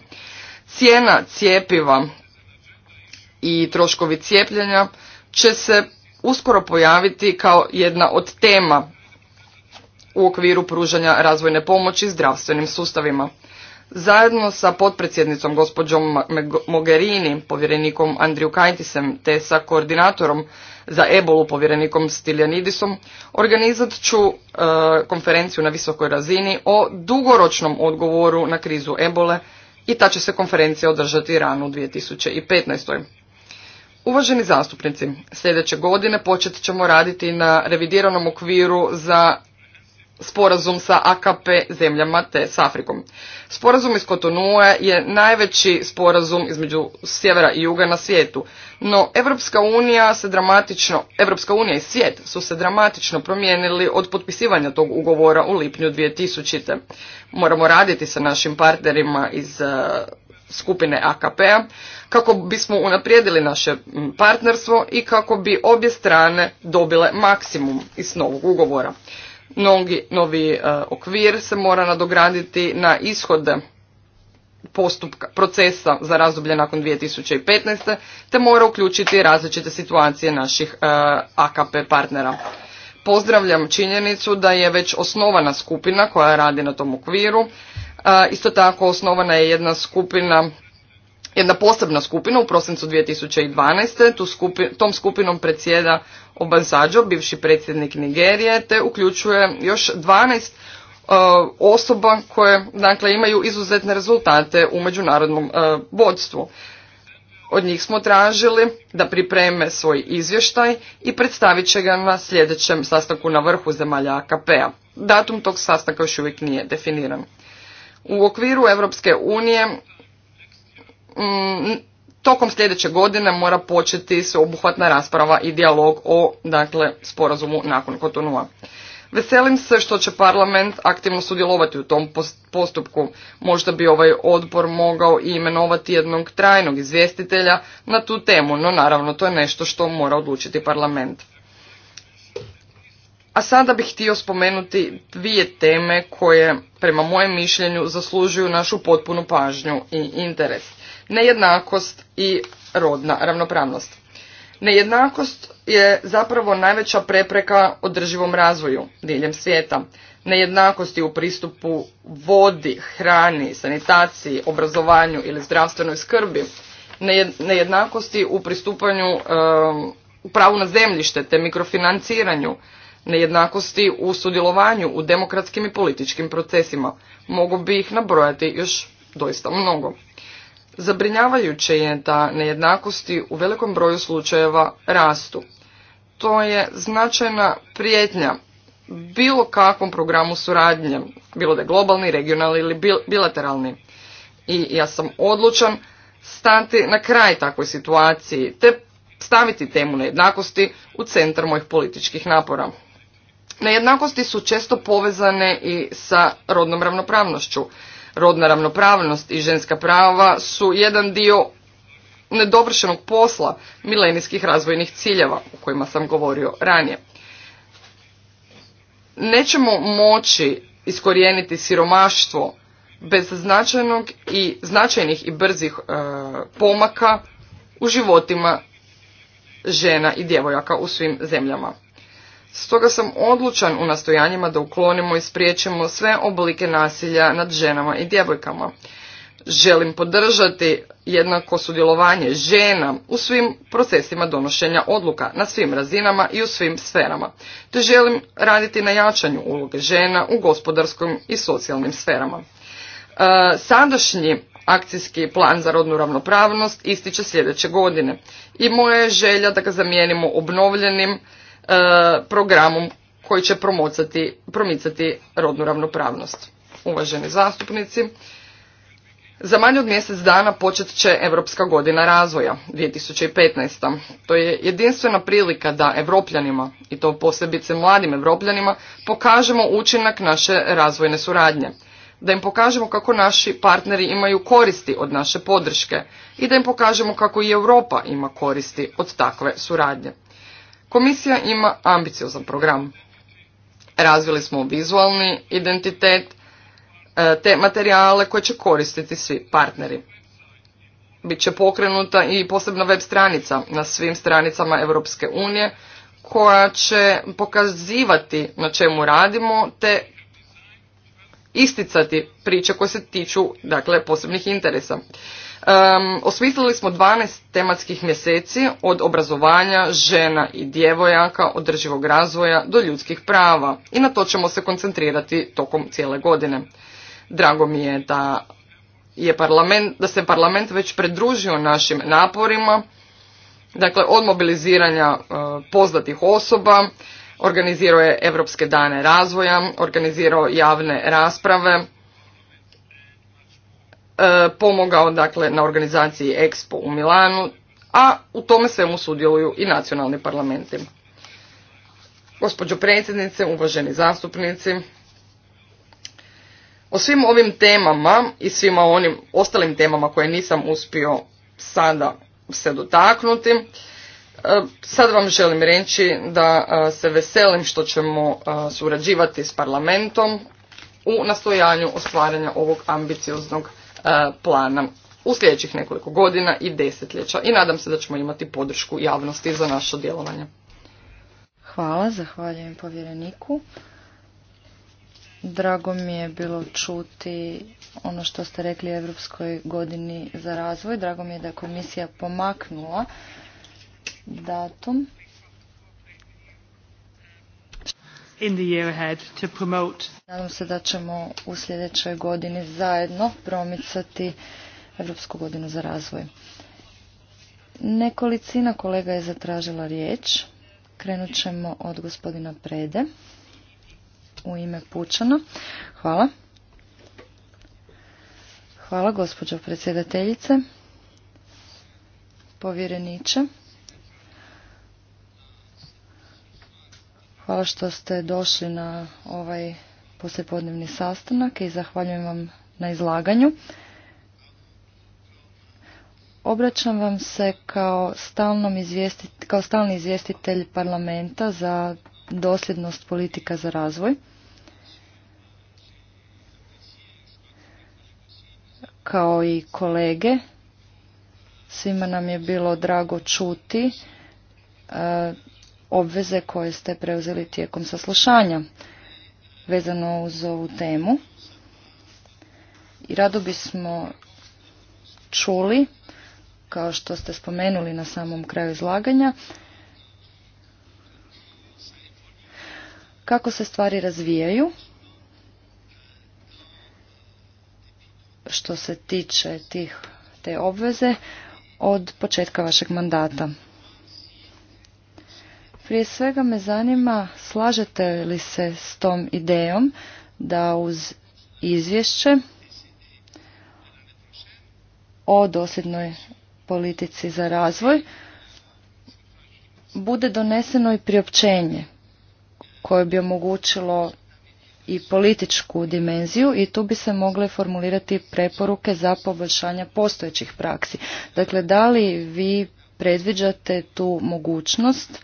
Cijena cijepiva i troškovi cijepljenja će se uskoro pojaviti kao jedna od tema u okviru pružanja razvojne pomoći zdravstvenim sustavima. Zajedno sa potpredsjednicom gospođom Mogherini, povjerenikom Andriju Kajtisem, te sa koordinatorom za ebolu povjerenikom Stiljanidisom, organizat ću e, konferenciju na visokoj razini o dugoročnom odgovoru na krizu ebole i ta će se konferencija održati rano u 2015. Uvaženi zastupnici, sljedeće godine počet ćemo raditi na revidiranom okviru za sporazum sa AKP zemljama te s Afrikom. Sporazum iz Kotonue je najveći sporazum između sjevera i juga na svijetu, no Evropska unija se dramatično, Evropska unija i svijet su se dramatično promijenili od potpisivanja tog ugovora u lipnju 2000. Moramo raditi sa našim partnerima iz eh, skupine AKP-a kako bismo unaprijedili naše partnerstvo i kako bi obje strane dobile maksimum iz novog ugovora. Mnogi, novi e, okvir se mora nadograditi na ishode postupka, procesa za razdoblje nakon 2015. te mora uključiti različite situacije naših e, AKP partnera. Pozdravljam činjenicu da je već osnovana skupina koja radi na tom okviru. E, isto tako osnovana je jedna skupina jedna posebna skupina u prosincu 2012. Tu skupi, tom skupinom predsjeda Obanzađo, bivši predsjednik Nigerije, te uključuje još 12 e, osoba koje dakle, imaju izuzetne rezultate u međunarodnom e, vodstvu. Od njih smo tražili da pripreme svoj izvještaj i predstavit će ga na sljedećem sastanku na vrhu zemalja AKP-a. Datum tog sastanka još uvijek nije definiran. U okviru Europske unije tokom sljedeće godine mora početi sveobuhvatna rasprava i dijalog o dakle, sporazumu nakon Kotonua. Veselim se što će parlament aktivno sudjelovati u tom postupku. Možda bi ovaj odbor mogao i imenovati jednog trajnog izvjestitelja na tu temu, no naravno to je nešto što mora odlučiti parlament. A sada bih htio spomenuti dvije teme koje, prema mojem mišljenju, zaslužuju našu potpunu pažnju i interes nejednakost i rodna ravnopravnost. Nejednakost je zapravo najveća prepreka održivom razvoju diljem svijeta. Nejednakosti u pristupu vodi, hrani, sanitaciji, obrazovanju ili zdravstvenoj skrbi, nejednakosti u pristupanju u pravu na zemljište te mikrofinanciranju, nejednakosti u sudjelovanju u demokratskim i političkim procesima. Mogu bi ih nabrojati još doista mnogo. Zabrinjavajuće je da nejednakosti u velikom broju slučajeva rastu. To je značajna prijetnja bilo kakvom programu suradnje, bilo da je globalni, regionalni ili bilateralni. I ja sam odlučan stati na kraj takvoj situaciji te staviti temu nejednakosti u centar mojih političkih napora. Nejednakosti su često povezane i sa rodnom ravnopravnošću. Rodna ravnopravnost i ženska prava su jedan dio nedovršenog posla milenijskih razvojnih ciljeva o kojima sam govorio ranije. Nećemo moći iskorijeniti siromaštvo bez značajnog i značajnih i brzih e, pomaka u životima žena i djevojaka u svim zemljama. Stoga sam odlučan u nastojanjima da uklonimo i spriječimo sve oblike nasilja nad ženama i djevojkama. Želim podržati jednako sudjelovanje žena u svim procesima donošenja odluka, na svim razinama i u svim sferama, te želim raditi na jačanju uloge žena u gospodarskom i socijalnim sferama. E, sadašnji akcijski plan za rodnu ravnopravnost ističe sljedeće godine i moja je želja da ga zamijenimo obnovljenim E, programom koji će promicati rodnu ravnopravnost. Uvaženi zastupnici, za manje od mjesec dana počet će Europska godina razvoja 2015. To je jedinstvena prilika da evropljanima, i to posebice mladim evropljanima, pokažemo učinak naše razvojne suradnje. Da im pokažemo kako naši partneri imaju koristi od naše podrške i da im pokažemo kako i Europa ima koristi od takve suradnje. Komisija ima ambiciozan program. Razvili smo vizualni identitet e, te materijale koje će koristiti svi partneri. Biće pokrenuta i posebna web stranica na svim stranicama Europske unije koja će pokazivati na čemu radimo te isticati priče koje se tiču dakle, posebnih interesa. Um, osmislili smo 12 tematskih mjeseci od obrazovanja žena i djevojaka, održivog razvoja do ljudskih prava i na to ćemo se koncentrirati tokom cijele godine. Drago mi je da, je parlament, da se parlament već pridružio našim naporima, dakle od mobiliziranja e, poznatih osoba, organizirao je Europske dane razvoja, organizirao javne rasprave, E, pomogao dakle na organizaciji Expo u Milanu, a u tome svemu sudjeluju i nacionalni parlamenti. Gospođo predsjednice, uvaženi zastupnici, o svim ovim temama i svima onim ostalim temama koje nisam uspio sada se dotaknuti, e, sad vam želim reći da e, se veselim što ćemo surađivati s parlamentom u nastojanju ostvaranja ovog ambicioznog E, plana u sljedećih nekoliko godina i desetljeća i nadam se da ćemo imati podršku javnosti za naše djelovanje. Hvala, zahvaljujem povjereniku. Drago mi je bilo čuti ono što ste rekli u Europskoj godini za razvoj. Drago mi je da je komisija pomaknula datum in Nadam se da ćemo u sljedećoj godini zajedno promicati Europsku godinu za razvoj. Nekolicina kolega je zatražila riječ. Krenut ćemo od gospodina Prede u ime Pučana. Hvala. Hvala gospođo predsjedateljice, povjereniče. Hvala što ste došli na ovaj poslijepodnevni sastanak i zahvaljujem vam na izlaganju. Obraćam vam se kao, kao stalni izvjestitelj parlamenta za dosljednost politika za razvoj. Kao i kolege, svima nam je bilo drago čuti e, obveze koje ste preuzeli tijekom saslušanja vezano uz ovu temu. I rado bismo čuli, kao što ste spomenuli na samom kraju izlaganja, kako se stvari razvijaju što se tiče tih te obveze od početka vašeg mandata. Prije svega me zanima, slažete li se s tom idejom da uz izvješće o dosljednoj politici za razvoj bude doneseno i priopćenje koje bi omogućilo i političku dimenziju i tu bi se mogle formulirati preporuke za poboljšanje postojećih praksi. Dakle, da li vi predviđate tu mogućnost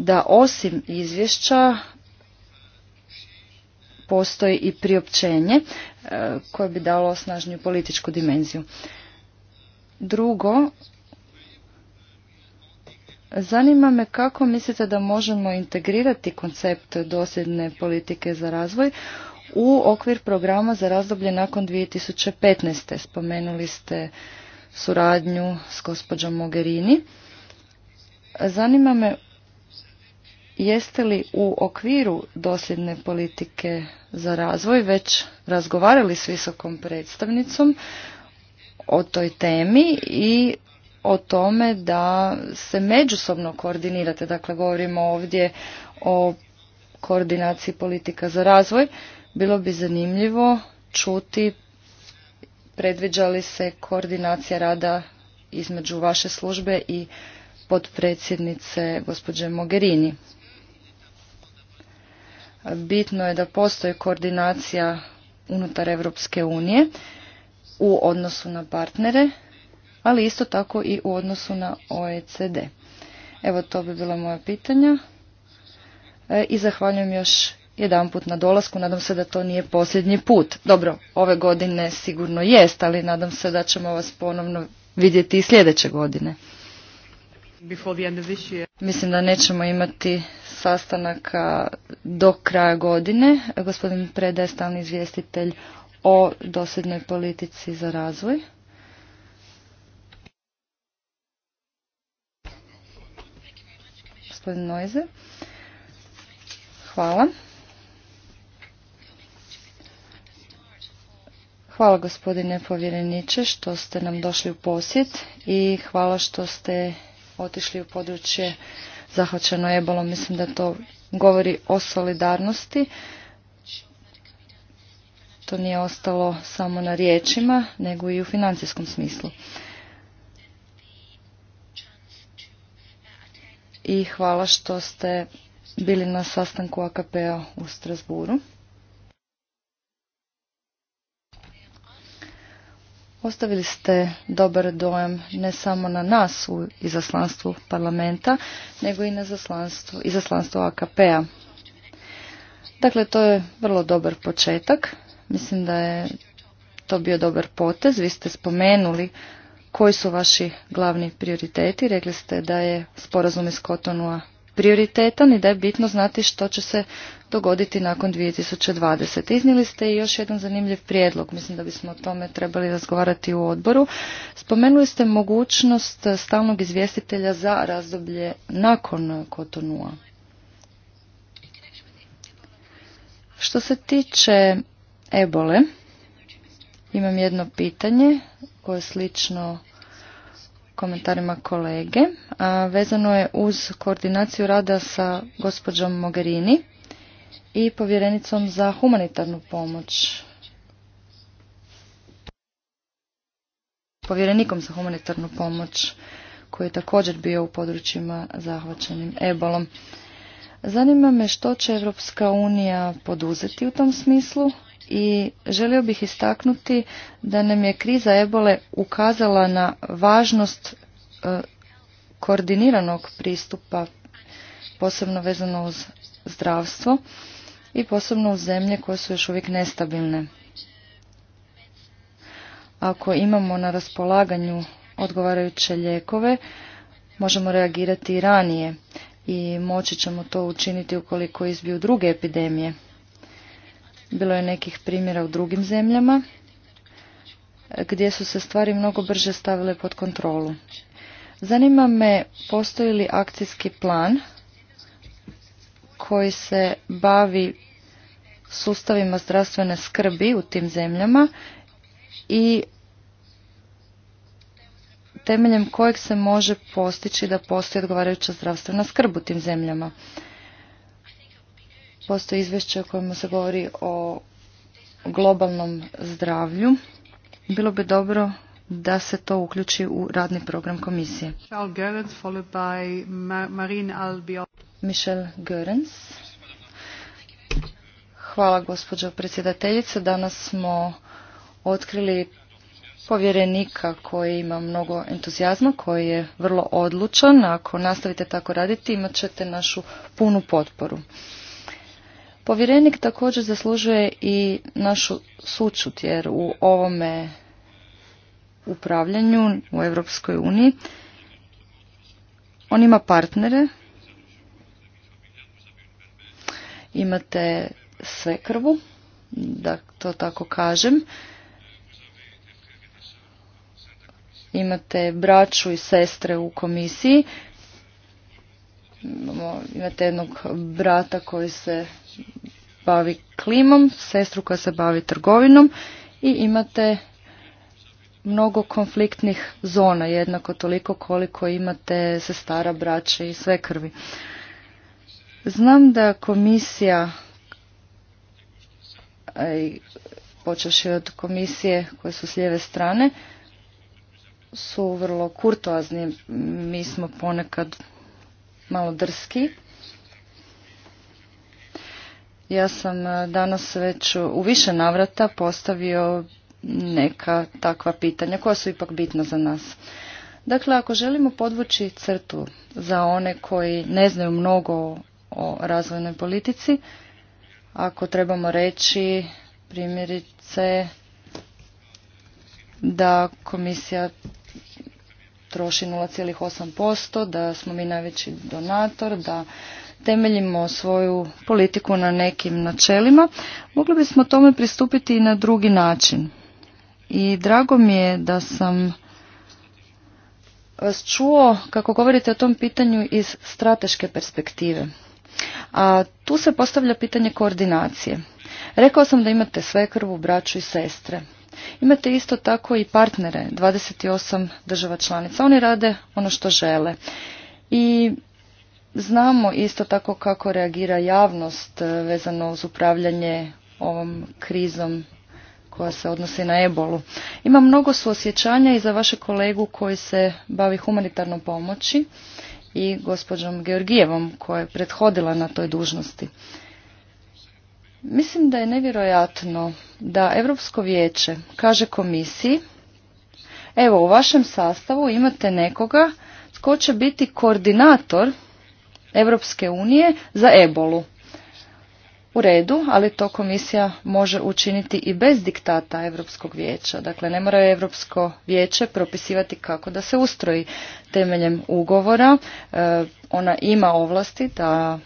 da osim izvješća postoji i priopćenje e, koje bi dalo snažniju političku dimenziju. Drugo, zanima me kako mislite da možemo integrirati koncept dosljedne politike za razvoj u okvir programa za razdoblje nakon 2015. Spomenuli ste suradnju s gospođom Mogherini. Zanima me jeste li u okviru dosljedne politike za razvoj već razgovarali s visokom predstavnicom o toj temi i o tome da se međusobno koordinirate. Dakle, govorimo ovdje o koordinaciji politika za razvoj. Bilo bi zanimljivo čuti predviđali se koordinacija rada između vaše službe i potpredsjednice gospođe Mogherini bitno je da postoji koordinacija unutar Europske unije u odnosu na partnere, ali isto tako i u odnosu na OECD. Evo to bi bila moja pitanja e, i zahvaljujem još jedan put na dolasku. Nadam se da to nije posljednji put. Dobro, ove godine sigurno jest, ali nadam se da ćemo vas ponovno vidjeti i sljedeće godine. Mislim da nećemo imati sastanaka do kraja godine. Gospodin Preda je stalni izvjestitelj o dosljednoj politici za razvoj. Gospodin Noize. Hvala. Hvala gospodine povjereniče što ste nam došli u posjet i hvala što ste otišli u područje zahvaćeno ebolom. Mislim da to govori o solidarnosti. To nije ostalo samo na riječima, nego i u financijskom smislu. I hvala što ste bili na sastanku AKP-a u Strasburu. Ostavili ste dobar dojam ne samo na nas u izaslanstvu parlamenta, nego i na zaslanstvu, izaslanstvu AKP-a. Dakle, to je vrlo dobar početak. Mislim da je to bio dobar potez. Vi ste spomenuli koji su vaši glavni prioriteti. Rekli ste da je sporazum iz Kotonua prioritetan i da je bitno znati što će se dogoditi nakon 2020. Iznijeli ste i još jedan zanimljiv prijedlog, mislim da bismo o tome trebali razgovarati u odboru. Spomenuli ste mogućnost stalnog izvjestitelja za razdoblje nakon Kotonua. Što se tiče ebole, imam jedno pitanje koje je slično komentarima kolege. vezano je uz koordinaciju rada sa gospođom Mogherini i povjerenicom za humanitarnu pomoć. Povjerenikom za humanitarnu pomoć koji je također bio u područjima zahvaćenim ebolom. Zanima me što će Europska unija poduzeti u tom smislu i želio bih istaknuti da nam je kriza ebole ukazala na važnost e, koordiniranog pristupa posebno vezano uz zdravstvo i posebno uz zemlje koje su još uvijek nestabilne. Ako imamo na raspolaganju odgovarajuće ljekove, možemo reagirati i ranije i moći ćemo to učiniti ukoliko izbiju druge epidemije. Bilo je nekih primjera u drugim zemljama e, gdje su se stvari mnogo brže stavile pod kontrolu. Zanima me postoji li akcijski plan koji se bavi sustavima zdravstvene skrbi u tim zemljama i temeljem kojeg se može postići da postoji odgovarajuća zdravstvena skrb u tim zemljama. Postoje izvješće o kojima se govori o globalnom zdravlju. Bilo bi dobro da se to uključi u radni program komisije. Hvala gospođo predsjedateljice. Danas smo otkrili povjerenika koji ima mnogo entuzijazma, koji je vrlo odlučan. Ako nastavite tako raditi, imat ćete našu punu potporu. Povjerenik također zaslužuje i našu sučut jer u ovome upravljanju u Europskoj uniji on ima partnere imate sve krvu, da to tako kažem. Imate braću i sestre u komisiji. Imate jednog brata koji se bavi klimom, sestru koja se bavi trgovinom i imate mnogo konfliktnih zona, jednako toliko koliko imate sestara, braće i sve krvi. Znam da komisija, počeši od komisije koje su s lijeve strane, su vrlo kurtoazni, mi smo ponekad malo drski ja sam e, danas već u više navrata postavio neka takva pitanja koja su ipak bitna za nas. Dakle, ako želimo podvući crtu za one koji ne znaju mnogo o razvojnoj politici, ako trebamo reći primjerice da komisija troši 0,8%, da smo mi najveći donator, da temeljimo svoju politiku na nekim načelima, mogli bismo tome pristupiti i na drugi način. I drago mi je da sam vas čuo kako govorite o tom pitanju iz strateške perspektive. A tu se postavlja pitanje koordinacije. Rekao sam da imate sve krvu, braću i sestre. Imate isto tako i partnere, 28 država članica. Oni rade ono što žele. I Znamo isto tako kako reagira javnost e, vezano uz upravljanje ovom krizom koja se odnosi na ebolu. Ima mnogo suosjećanja i za vaše kolegu koji se bavi humanitarnom pomoći i gospođom Georgijevom koja je prethodila na toj dužnosti. Mislim da je nevjerojatno da Europsko vijeće kaže komisiji evo u vašem sastavu imate nekoga tko će biti koordinator Europske unije za ebolu. U redu, ali to komisija može učiniti i bez diktata Europskog vijeća. Dakle, ne mora Europsko vijeće propisivati kako da se ustroji temeljem ugovora. E, ona ima ovlasti da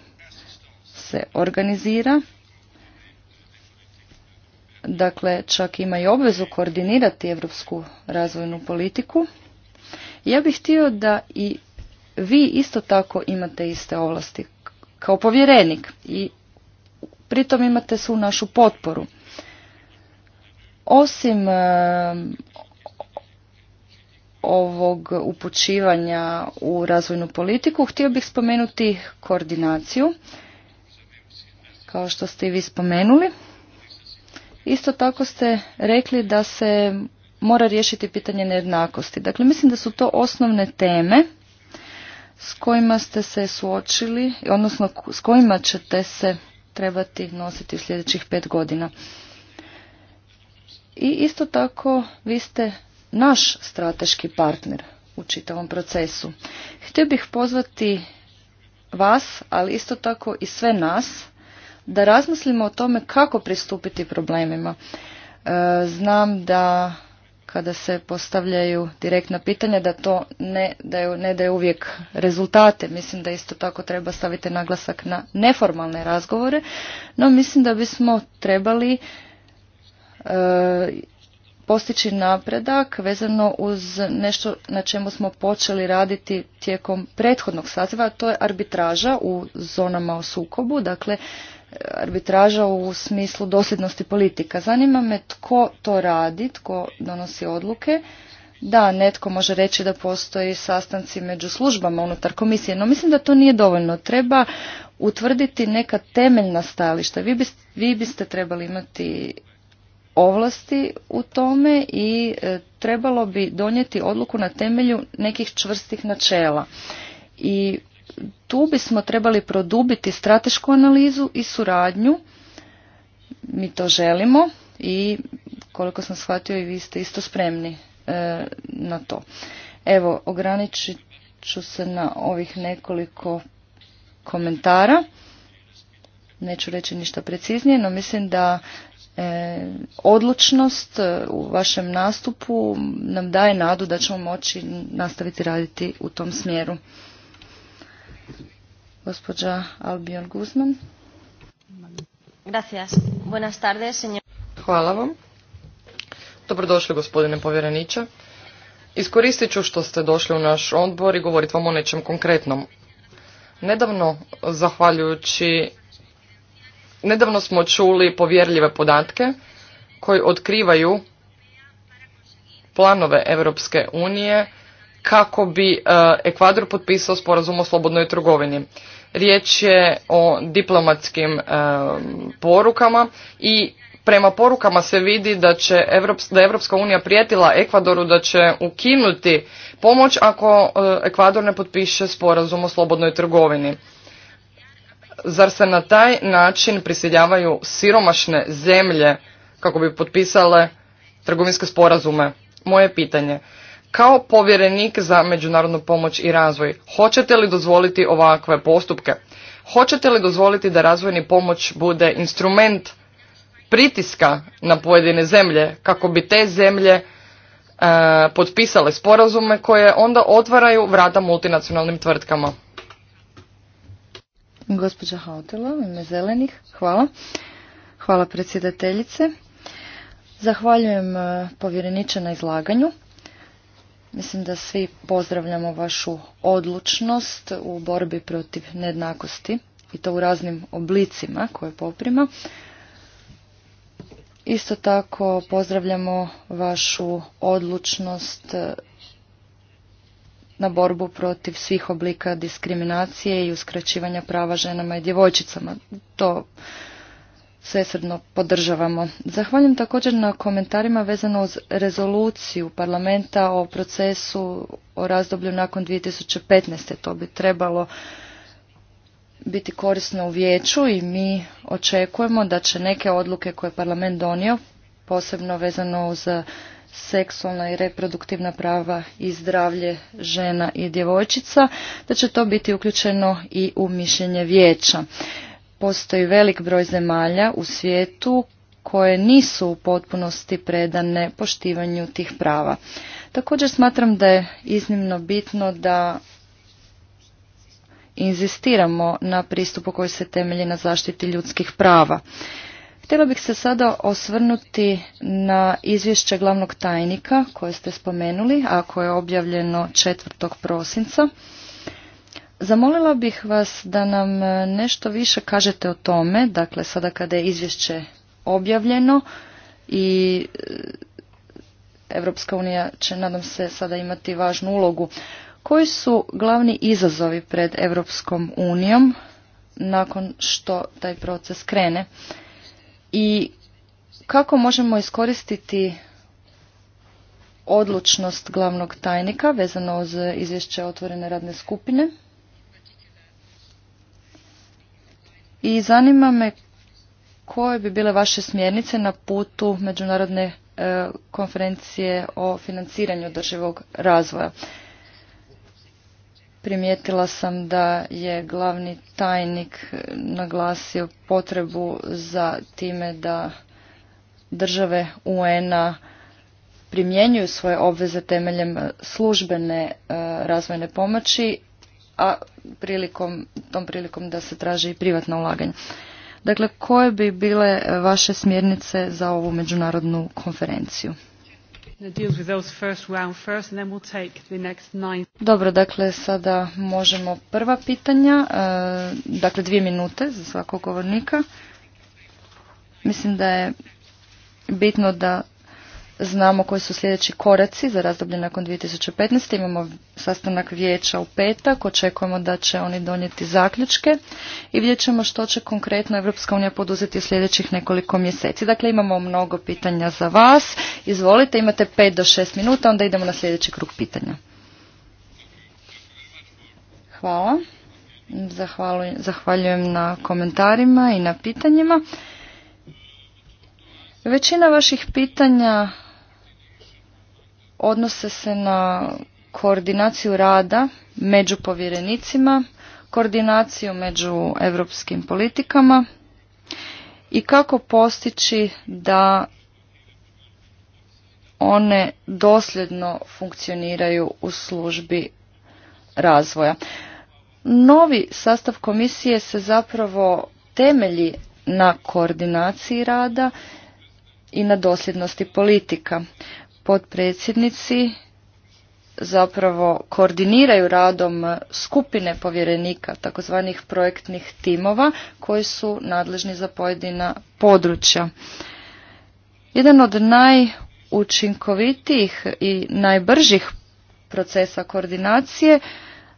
se organizira. Dakle, čak ima i obvezu koordinirati europsku razvojnu politiku. Ja bih htio da i vi isto tako imate iste ovlasti kao povjerenik i pritom imate svu našu potporu. Osim ovog upućivanja u razvojnu politiku, htio bih spomenuti koordinaciju, kao što ste i vi spomenuli. Isto tako ste rekli da se mora riješiti pitanje nejednakosti. Dakle, mislim da su to osnovne teme s kojima ste se suočili, odnosno s kojima ćete se trebati nositi u sljedećih pet godina. I isto tako vi ste naš strateški partner u čitavom procesu. Htio bih pozvati vas, ali isto tako i sve nas, da razmislimo o tome kako pristupiti problemima. E, znam da kada se postavljaju direktna pitanja da to ne daje, ne uvijek rezultate. Mislim da isto tako treba staviti naglasak na neformalne razgovore, no mislim da bismo trebali e, postići napredak vezano uz nešto na čemu smo počeli raditi tijekom prethodnog saziva, a to je arbitraža u zonama o sukobu. Dakle, arbitraža u smislu dosljednosti politika. Zanima me tko to radi, tko donosi odluke. Da, netko može reći da postoji sastanci među službama unutar komisije, no mislim da to nije dovoljno. Treba utvrditi neka temeljna stajališta. Vi biste, vi biste trebali imati ovlasti u tome i e, trebalo bi donijeti odluku na temelju nekih čvrstih načela. I tu bismo trebali produbiti stratešku analizu i suradnju. Mi to želimo i koliko sam shvatio i vi ste isto spremni e, na to. Evo, ograničit ću se na ovih nekoliko komentara. Neću reći ništa preciznije, no mislim da e, odlučnost e, u vašem nastupu nam daje nadu da ćemo moći nastaviti raditi u tom smjeru. Gospođa Guzman. Gracias. Buenas tardes, señor. Hvala vam. Dobrodošli, gospodine povjereniče. Iskoristit ću što ste došli u naš odbor i govorit vam o nečem konkretnom. Nedavno, zahvaljujući, nedavno smo čuli povjerljive podatke koji otkrivaju planove Europske unije kako bi e, Ekvador potpisao sporazum o slobodnoj trgovini. Riječ je o diplomatskim e, porukama i prema porukama se vidi da će da Evropska unija prijetila Ekvadoru da će ukinuti pomoć ako e, Ekvador ne potpiše sporazum o slobodnoj trgovini. Zar se na taj način prisiljavaju siromašne zemlje kako bi potpisale trgovinske sporazume? Moje pitanje. Kao povjerenik za međunarodnu pomoć i razvoj, hoćete li dozvoliti ovakve postupke? Hoćete li dozvoliti da razvojni pomoć bude instrument pritiska na pojedine zemlje kako bi te zemlje e, potpisale sporazume koje onda otvaraju vrata multinacionalnim tvrtkama? Gospođa Hautela, ime zelenih, hvala. Hvala predsjedateljice. Zahvaljujem e, povjereniče na izlaganju. Mislim da svi pozdravljamo vašu odlučnost u borbi protiv nejednakosti i to u raznim oblicima koje poprima. Isto tako pozdravljamo vašu odlučnost na borbu protiv svih oblika diskriminacije i uskraćivanja prava ženama i djevojčicama. To svesrdno podržavamo. Zahvaljujem također na komentarima vezano uz rezoluciju parlamenta o procesu o razdoblju nakon 2015. To bi trebalo biti korisno u vijeću i mi očekujemo da će neke odluke koje je parlament donio, posebno vezano uz seksualna i reproduktivna prava i zdravlje žena i djevojčica, da će to biti uključeno i u mišljenje vijeća postoji velik broj zemalja u svijetu koje nisu u potpunosti predane poštivanju tih prava. Također smatram da je iznimno bitno da inzistiramo na pristupu koji se temelji na zaštiti ljudskih prava. Htjela bih se sada osvrnuti na izvješće glavnog tajnika koje ste spomenuli, a koje je objavljeno 4. prosinca. Zamolila bih vas da nam e, nešto više kažete o tome, dakle sada kada je izvješće objavljeno i Europska unija će nadam se sada imati važnu ulogu. Koji su glavni izazovi pred Europskom unijom nakon što taj proces krene i kako možemo iskoristiti odlučnost glavnog tajnika vezano uz izvješće otvorene radne skupine? i zanima me koje bi bile vaše smjernice na putu međunarodne e, konferencije o financiranju održivog razvoja. Primijetila sam da je glavni tajnik e, naglasio potrebu za time da države UN-a primjenjuju svoje obveze temeljem službene e, razvojne pomoći, a prilikom, tom prilikom da se traže i privatna ulaganja. Dakle, koje bi bile vaše smjernice za ovu međunarodnu konferenciju? Dobro, dakle, sada možemo prva pitanja, e, dakle dvije minute za svakog govornika. Mislim da je bitno da znamo koji su sljedeći koraci za razdoblje nakon 2015. Imamo sastanak vijeća u petak, očekujemo da će oni donijeti zaključke i vidjet ćemo što će konkretno Europska unija poduzeti u sljedećih nekoliko mjeseci. Dakle, imamo mnogo pitanja za vas. Izvolite, imate 5 do 6 minuta, onda idemo na sljedeći krug pitanja. Hvala. Zahvaljujem na komentarima i na pitanjima. Većina vaših pitanja odnose se na koordinaciju rada među povjerenicima, koordinaciju među europskim politikama i kako postići da one dosljedno funkcioniraju u službi razvoja. Novi sastav komisije se zapravo temelji na koordinaciji rada i na dosljednosti politika potpredsjednici zapravo koordiniraju radom skupine povjerenika, takozvanih projektnih timova, koji su nadležni za pojedina područja. Jedan od najučinkovitijih i najbržih procesa koordinacije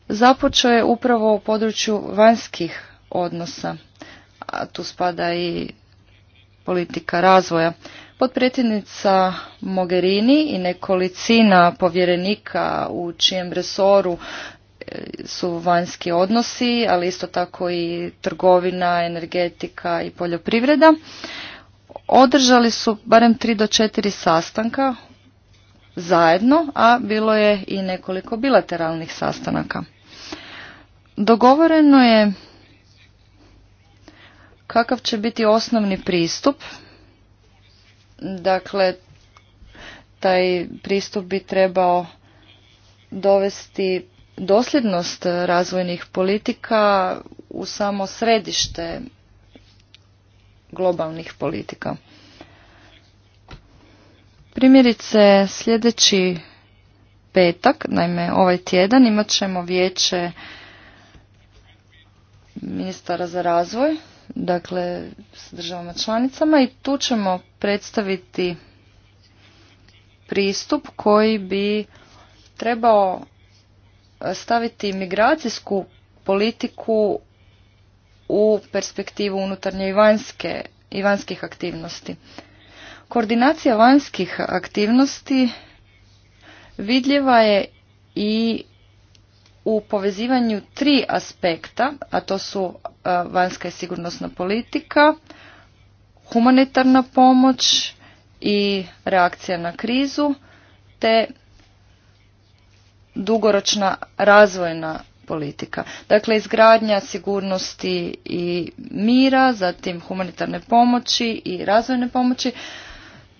započeo je upravo u području vanjskih odnosa. A tu spada i politika razvoja. Potpredsjednica Mogherini i nekolicina povjerenika u čijem resoru e, su vanjski odnosi, ali isto tako i trgovina, energetika i poljoprivreda. Održali su barem tri do četiri sastanka zajedno, a bilo je i nekoliko bilateralnih sastanaka. Dogovoreno je kakav će biti osnovni pristup. Dakle, taj pristup bi trebao dovesti dosljednost razvojnih politika u samo središte globalnih politika. Primjerice sljedeći petak, naime ovaj tjedan, imat ćemo vijeće ministara za razvoj dakle s državama članicama i tu ćemo predstaviti pristup koji bi trebao staviti migracijsku politiku u perspektivu unutarnje i vanjske i vanjskih aktivnosti. Koordinacija vanjskih aktivnosti vidljiva je i u povezivanju tri aspekta, a to su e, vanjska i sigurnosna politika, humanitarna pomoć i reakcija na krizu, te dugoročna razvojna politika. Dakle, izgradnja sigurnosti i mira, zatim humanitarne pomoći i razvojne pomoći.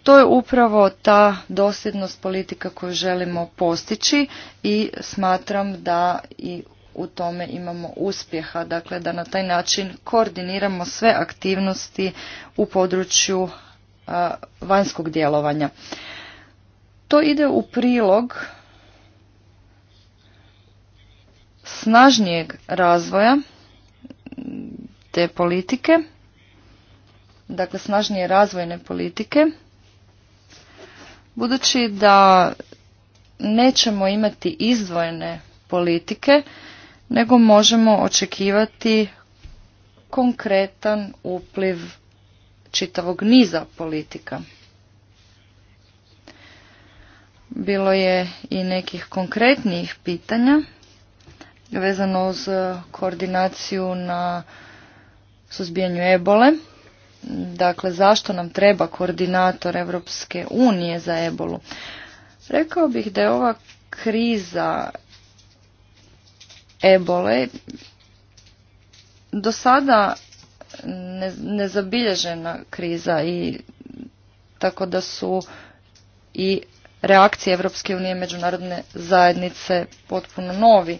To je upravo ta dosljednost politika koju želimo postići i smatram da i u tome imamo uspjeha, dakle da na taj način koordiniramo sve aktivnosti u području vanjskog djelovanja. To ide u prilog snažnijeg razvoja te politike, dakle snažnije razvojne politike Budući da nećemo imati izdvojene politike, nego možemo očekivati konkretan upliv čitavog niza politika. Bilo je i nekih konkretnijih pitanja vezano uz koordinaciju na suzbijanju ebole dakle zašto nam treba koordinator Europske unije za ebolu. Rekao bih da je ova kriza ebole do sada nezabilježena kriza i tako da su i reakcije Europske unije međunarodne zajednice potpuno novi.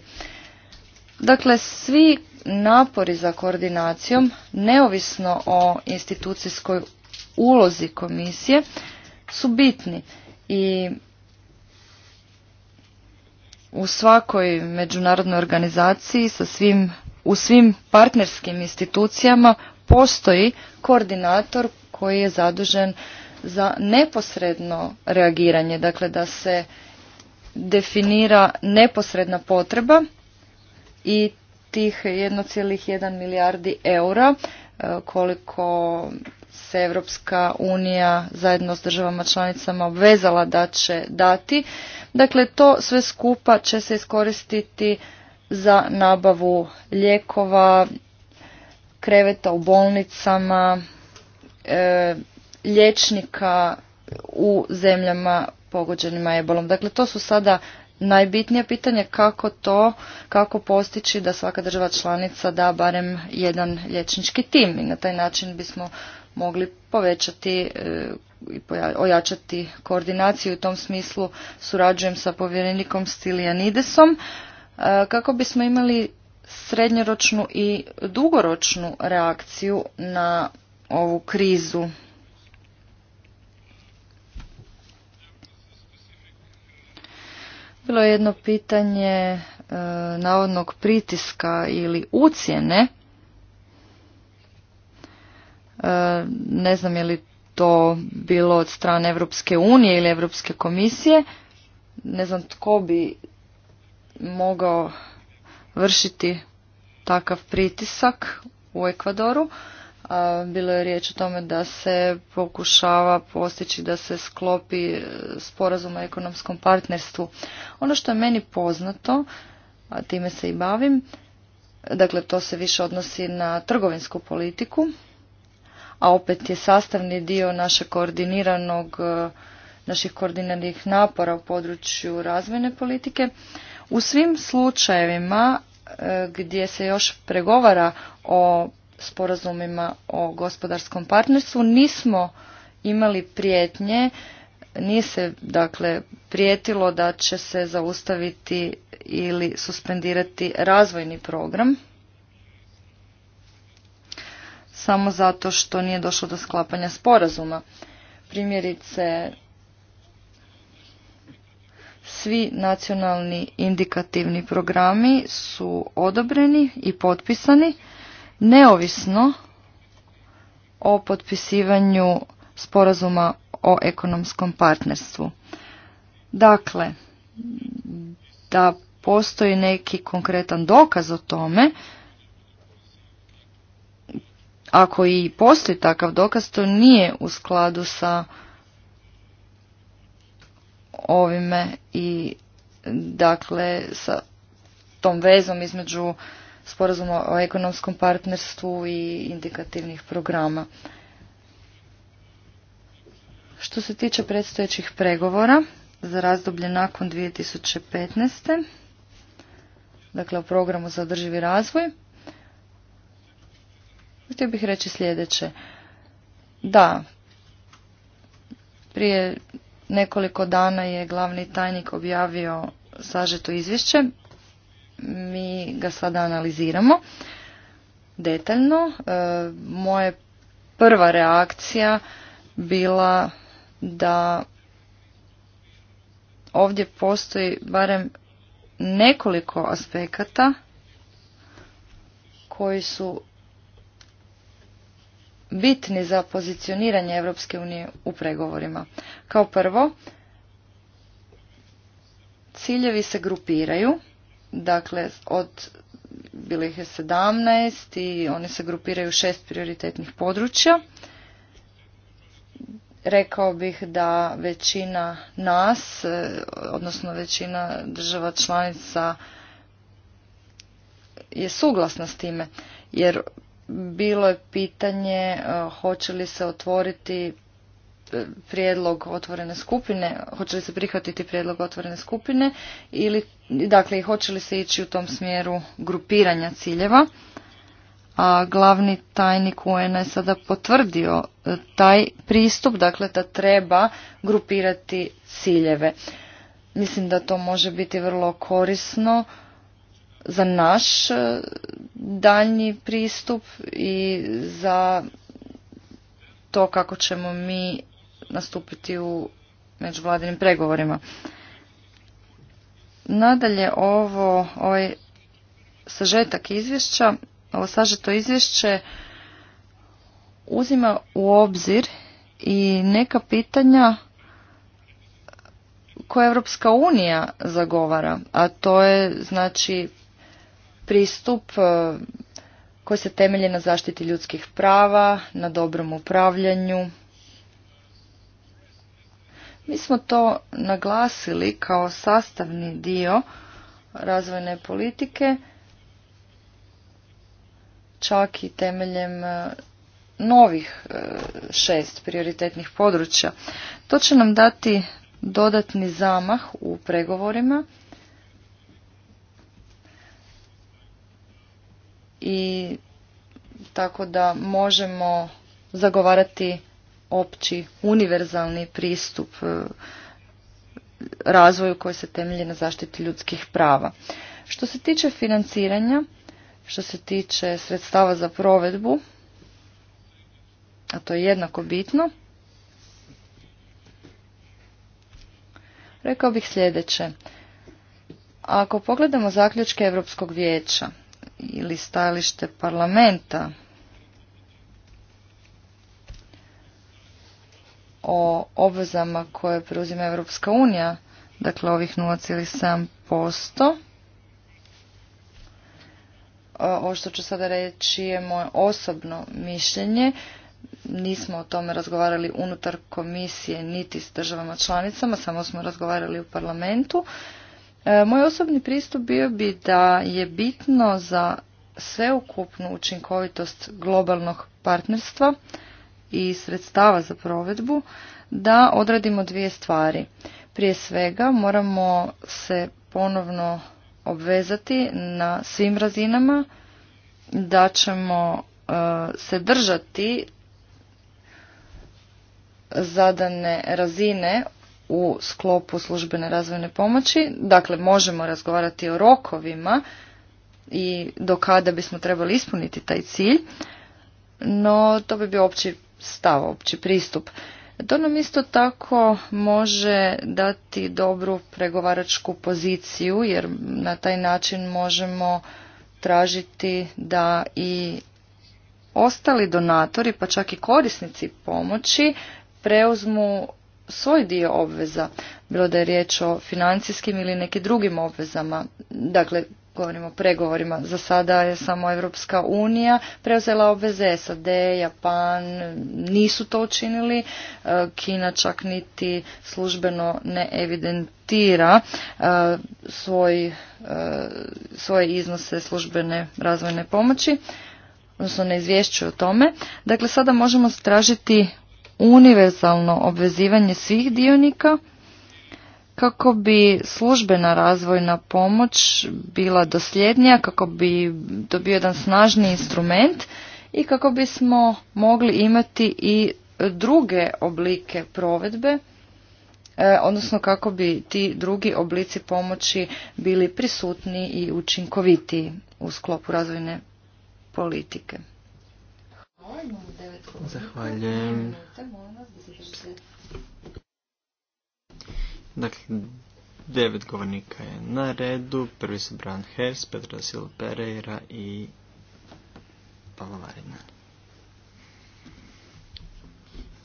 Dakle, svi napori za koordinacijom, neovisno o institucijskoj ulozi komisije, su bitni i u svakoj međunarodnoj organizaciji sa svim, u svim partnerskim institucijama postoji koordinator koji je zadužen za neposredno reagiranje, dakle da se definira neposredna potreba i tih 1,1 milijardi eura e, koliko se Evropska unija zajedno s državama članicama obvezala da će dati. Dakle, to sve skupa će se iskoristiti za nabavu lijekova, kreveta u bolnicama, e, liječnika u zemljama pogođenima ebolom. Dakle, to su sada najbitnije pitanje kako to, kako postići da svaka država članica da barem jedan liječnički tim i na taj način bismo mogli povećati e, i ojačati koordinaciju. U tom smislu surađujem sa povjerenikom Stilijanidesom e, kako bismo imali srednjoročnu i dugoročnu reakciju na ovu krizu Bilo je jedno pitanje e, navodnog pritiska ili ucijene. E, ne znam je li to bilo od strane Europske unije ili Europske komisije. Ne znam tko bi mogao vršiti takav pritisak u Ekvadoru. Bilo je riječ o tome da se pokušava postići da se sklopi e, sporazum o ekonomskom partnerstvu. Ono što je meni poznato, a time se i bavim, dakle to se više odnosi na trgovinsku politiku, a opet je sastavni dio naše koordiniranog e, naših koordiniranih napora u području razvojne politike. U svim slučajevima e, gdje se još pregovara o sporazumima o gospodarskom partnerstvu nismo imali prijetnje, nije se dakle prijetilo da će se zaustaviti ili suspendirati razvojni program samo zato što nije došlo do sklapanja sporazuma. Primjerice, svi nacionalni indikativni programi su odobreni i potpisani neovisno o potpisivanju sporazuma o ekonomskom partnerstvu. Dakle, da postoji neki konkretan dokaz o tome, ako i postoji takav dokaz, to nije u skladu sa ovime i dakle sa tom vezom između sporazuma o ekonomskom partnerstvu i indikativnih programa. Što se tiče predstojećih pregovora za razdoblje nakon 2015. Dakle, o programu za održivi razvoj. Htio bih reći sljedeće. Da, prije nekoliko dana je glavni tajnik objavio sažeto izvješće mi ga sada analiziramo detaljno. E, moje prva reakcija bila da ovdje postoji barem nekoliko aspekata koji su bitni za pozicioniranje Europske unije u pregovorima. Kao prvo, ciljevi se grupiraju Dakle, od bilo ih je sedamnaest i oni se grupiraju u šest prioritetnih područja. Rekao bih da većina nas, e, odnosno većina država članica je suglasna s time, jer bilo je pitanje e, hoće li se otvoriti prijedlog otvorene skupine, hoće li se prihvatiti prijedlog otvorene skupine ili dakle hoće li se ići u tom smjeru grupiranja ciljeva. A glavni tajnik UN je sada potvrdio e, taj pristup, dakle da treba grupirati ciljeve. Mislim da to može biti vrlo korisno za naš e, daljnji pristup i za to kako ćemo mi nastupiti u međuvladinim pregovorima. Nadalje, ovo, ovaj sažetak izvješća, ovo sažeto izvješće uzima u obzir i neka pitanja koja Evropska unija zagovara, a to je znači pristup e, koji se temelji na zaštiti ljudskih prava, na dobrom upravljanju, mi smo to naglasili kao sastavni dio razvojne politike, čak i temeljem e, novih e, šest prioritetnih područja. To će nam dati dodatni zamah u pregovorima i tako da možemo zagovarati opći, univerzalni pristup e, razvoju koji se temelji na zaštiti ljudskih prava. Što se tiče financiranja, što se tiče sredstava za provedbu, a to je jednako bitno, rekao bih sljedeće. Ako pogledamo zaključke Europskog vijeća ili stajalište parlamenta o obvezama koje preuzima Europska unija, dakle ovih 0,7%. E, ovo što ću sada reći je moje osobno mišljenje. Nismo o tome razgovarali unutar komisije niti s državama članicama, samo smo razgovarali u parlamentu. E, moj osobni pristup bio bi da je bitno za sveukupnu učinkovitost globalnog partnerstva i sredstava za provedbu da odradimo dvije stvari. Prije svega moramo se ponovno obvezati na svim razinama da ćemo e, se držati zadane razine u sklopu službene razvojne pomoći. Dakle, možemo razgovarati o rokovima i do kada bismo trebali ispuniti taj cilj, no to bi bio opći stav, opći pristup. To nam isto tako može dati dobru pregovaračku poziciju jer na taj način možemo tražiti da i ostali donatori pa čak i korisnici pomoći preuzmu svoj dio obveza, bilo da je riječ o financijskim ili nekim drugim obvezama. Dakle, govorimo o pregovorima. Za sada je samo Europska unija preuzela obveze, SAD, Japan nisu to učinili, e, Kina čak niti službeno ne evidentira e, svoj, e, svoje iznose službene razvojne pomoći, odnosno ne izvješćuje o tome. Dakle, sada možemo stražiti univerzalno obvezivanje svih dionika kako bi službena razvojna pomoć bila dosljednija, kako bi dobio jedan snažni instrument i kako bismo mogli imati i druge oblike provedbe, e, odnosno kako bi ti drugi oblici pomoći bili prisutni i učinkovitiji u sklopu razvojne politike. Zahvaljujem. Dakle, devet govornika je na redu. Prvi su Bran Hers, Petra Silva Pereira i Pavla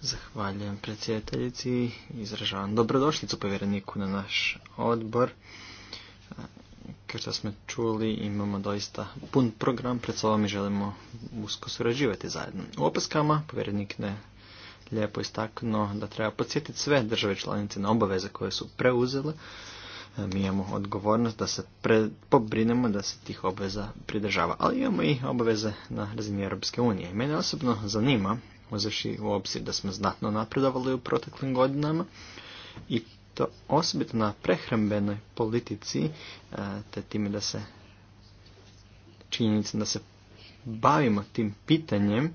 Zahvaljujem predsjedateljici i izražavam dobrodošlicu povjereniku na naš odbor. Kao što smo čuli, imamo doista pun program pred sobom i želimo usko surađivati zajedno. U opaskama povjerenik ne lijepo istaknuo da treba podsjetiti sve države članice na obaveze koje su preuzele. E, mi imamo odgovornost da se pobrinemo da se tih obveza pridržava, ali imamo i obaveze na razini Europske unije. mene osobno zanima, uzevši u obzir da smo znatno napredovali u proteklim godinama i to osobito na prehrambenoj politici, e, te time da se činjenicom da se bavimo tim pitanjem,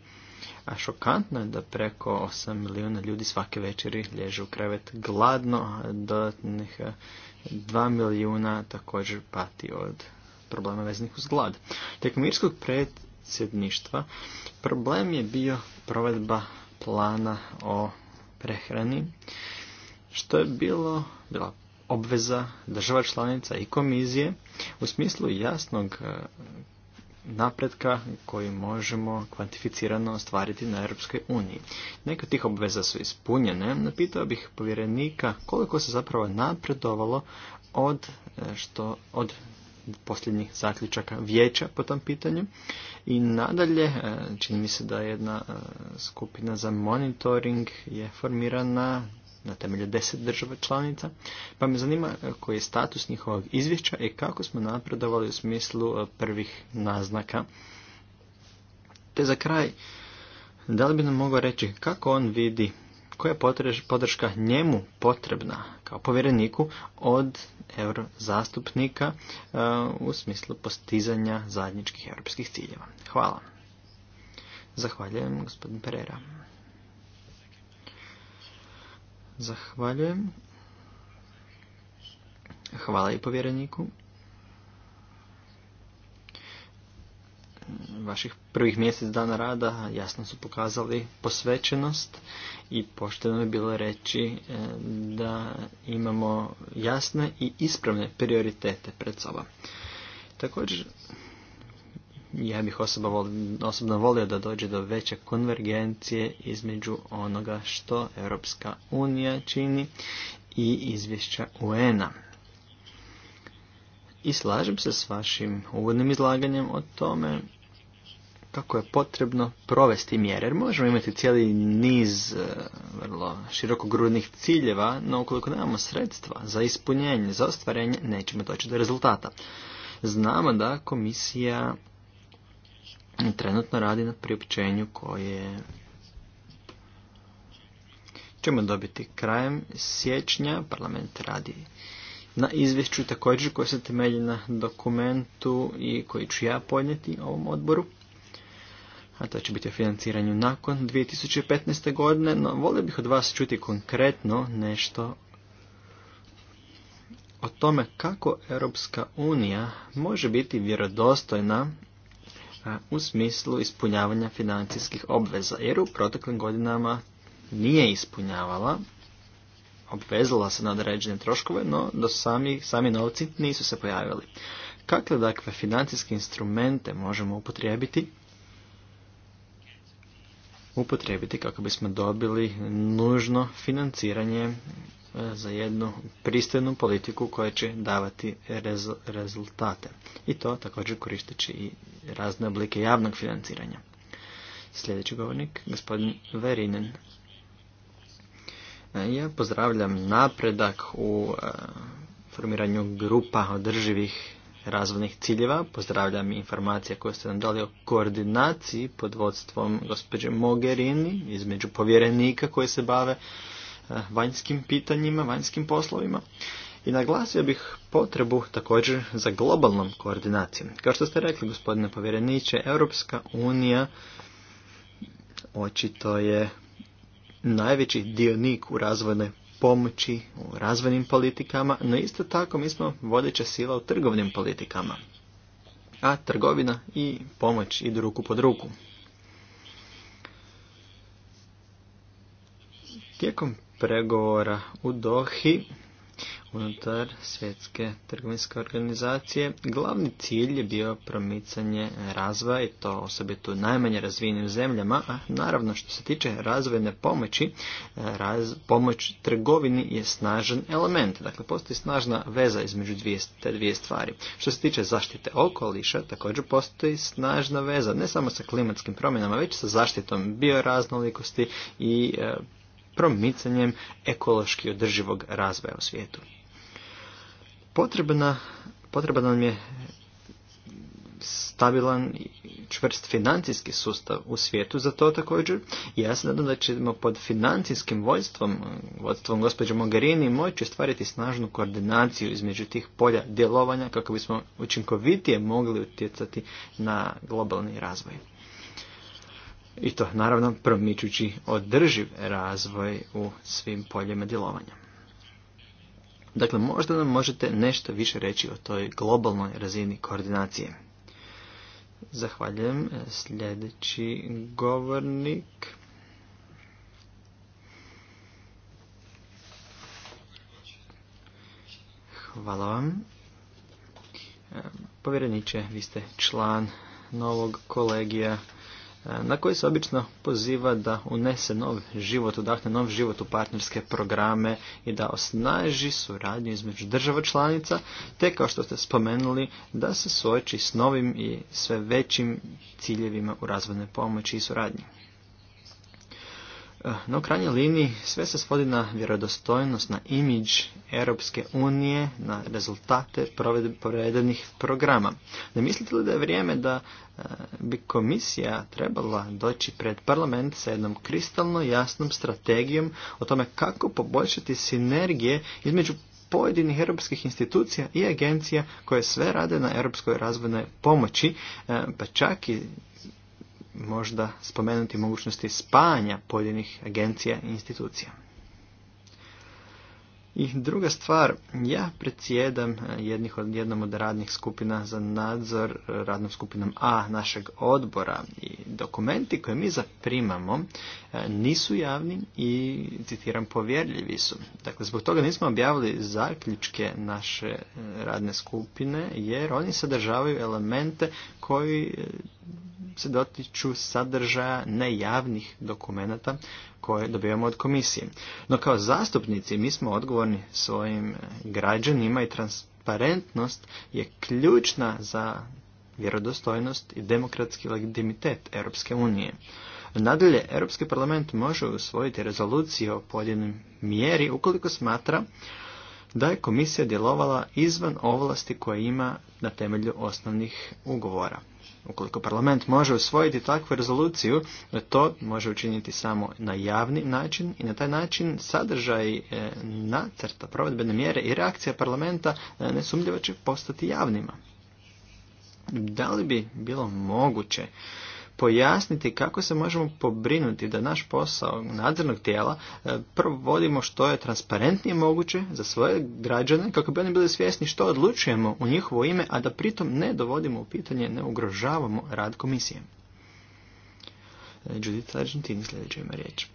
a šokantno je da preko 8 milijuna ljudi svake večeri lježe u krevet gladno, a dodatnih 2 e, milijuna također pati od problema veznih uz glad. Tijekom irskog predsjedništva problem je bio provedba plana o prehrani, što je bilo, bila obveza država članica i komisije u smislu jasnog e, napretka koji možemo kvantificirano ostvariti na Europskoj uniji. Neke tih obveza su ispunjene, napitao bih povjerenika koliko se zapravo napredovalo od, e, što, od posljednjih zaključaka vijeća po tom pitanju. I nadalje, e, čini mi se da jedna e, skupina za monitoring je formirana na temelju deset država članica, pa me zanima e, koji je status njihovog izvješća i kako smo napredovali u smislu e, prvih naznaka. Te za kraj, da li bi nam mogao reći kako on vidi koja je podrška njemu potrebna kao povjereniku od eurozastupnika e, u smislu postizanja zajedničkih europskih ciljeva. Hvala. Zahvaljujem gospodin Pereira. Zahvaljujem. Hvala i povjereniku. Vaših prvih mjesec dana rada jasno su pokazali posvećenost i pošteno je bilo reći e, da imamo jasne i ispravne prioritete pred sobom. Također ja bih osobno volio da dođe do veće konvergencije između onoga što Europska unija čini i izvješća UN-a. I slažem se s vašim uvodnim izlaganjem o tome kako je potrebno provesti mjere. Jer možemo imati cijeli niz e, vrlo širokogrudnih ciljeva, no ukoliko nemamo sredstva za ispunjenje, za ostvarenje, nećemo doći do rezultata. Znamo da komisija trenutno radi na priopćenju koje ćemo dobiti krajem siječnja. Parlament radi na izvješću također koje se temelji na dokumentu i koji ću ja podnijeti ovom odboru. A to će biti o financiranju nakon 2015. godine, no volio bih od vas čuti konkretno nešto o tome kako Europska unija može biti vjerodostojna u smislu ispunjavanja financijskih obveza, jer u proteklim godinama nije ispunjavala, obvezala se na određene troškove, no do sami, sami novci nisu se pojavili. Kakve dakle financijske instrumente možemo upotrijebiti? Upotrijebiti kako bismo dobili nužno financiranje za jednu pristojnu politiku koja će davati rezultate. I to također koristeći i razne oblike javnog financiranja. Sljedeći govornik, gospodin Verinen. E, ja pozdravljam napredak u e, formiranju grupa održivih razvojnih ciljeva. Pozdravljam informacije koje ste nam dali o koordinaciji pod vodstvom gospođe Mogherini između povjerenika koji se bave Eh, vanjskim pitanjima, vanjskim poslovima. I naglasio bih potrebu također za globalnom koordinacijom. Kao što ste rekli, gospodine povjereniče, Europska unija očito je najveći dionik u razvojnoj pomoći, u razvojnim politikama, no isto tako mi smo vodeća sila u trgovnim politikama. A trgovina i pomoć idu ruku pod ruku. Tijekom pregovora u Dohi unutar svjetske trgovinske organizacije. Glavni cilj je bio promicanje razvoja i to osobito u najmanje razvijenim zemljama, a naravno što se tiče razvojne pomoći, raz, pomoć trgovini je snažan element. Dakle, postoji snažna veza između dvije, te dvije stvari. Što se tiče zaštite okoliša, također postoji snažna veza, ne samo sa klimatskim promjenama, već sa zaštitom bioraznolikosti i e, promicanjem ekološki održivog razvoja u svijetu. Potrebna, potreban nam je stabilan i čvrst financijski sustav u svijetu za to također. ja se nadam da ćemo pod financijskim vojstvom vodstvom gospođe Mogherini, moći ostvariti snažnu koordinaciju između tih polja djelovanja kako bismo učinkovitije mogli utjecati na globalni razvoj i to naravno promičući održiv razvoj u svim poljima djelovanja. Dakle, možda nam možete nešto više reći o toj globalnoj razini koordinacije. Zahvaljujem. Sljedeći govornik. Hvala vam. Povjereniče, vi ste član novog kolegija na koji se obično poziva da unese nov život, udahne nov život u partnerske programe i da osnaži suradnju između država članica, te kao što ste spomenuli da se suoči s novim i sve većim ciljevima u razvojnoj pomoći i suradnji. Eh, no u krajnjoj liniji sve se svodi na vjerodostojnost, na imidž Europske unije, na rezultate provedenih programa. Ne mislite li da je vrijeme da eh, bi komisija trebala doći pred parlament sa jednom kristalno jasnom strategijom o tome kako poboljšati sinergije između pojedinih europskih institucija i agencija koje sve rade na europskoj razvojnoj pomoći, eh, pa čak i možda spomenuti mogućnosti spajanja pojedinih agencija i institucija. I druga stvar, ja predsjedam eh, jednih od, jednom od radnih skupina za nadzor eh, radnom skupinom A našeg odbora i dokumenti koje mi zaprimamo eh, nisu javni i citiram povjerljivi su. Dakle, zbog toga nismo objavili zaključke naše radne skupine jer oni sadržavaju elemente koji se dotiču sadržaja nejavnih dokumenata koje dobivamo od komisije. No kao zastupnici mi smo odgovorni svojim građanima i transparentnost je ključna za vjerodostojnost i demokratski legitimitet Europske unije. Nadalje, Europski parlament može usvojiti rezoluciju o pojedinoj mjeri ukoliko smatra da je komisija djelovala izvan ovlasti koje ima na temelju osnovnih ugovora. Ukoliko parlament može usvojiti takvu rezoluciju, to može učiniti samo na javni način i na taj način sadržaj e, nacrta provedbene mjere i reakcija parlamenta e, nesumljivo će postati javnima. Da li bi bilo moguće pojasniti kako se možemo pobrinuti da naš posao nadzornog tijela e, provodimo što je transparentnije moguće za svoje građane kako bi oni bili svjesni što odlučujemo u njihovo ime, a da pritom ne dovodimo u pitanje, ne ugrožavamo rad komisije. E, Judith Argentini sljedeće ima riječ.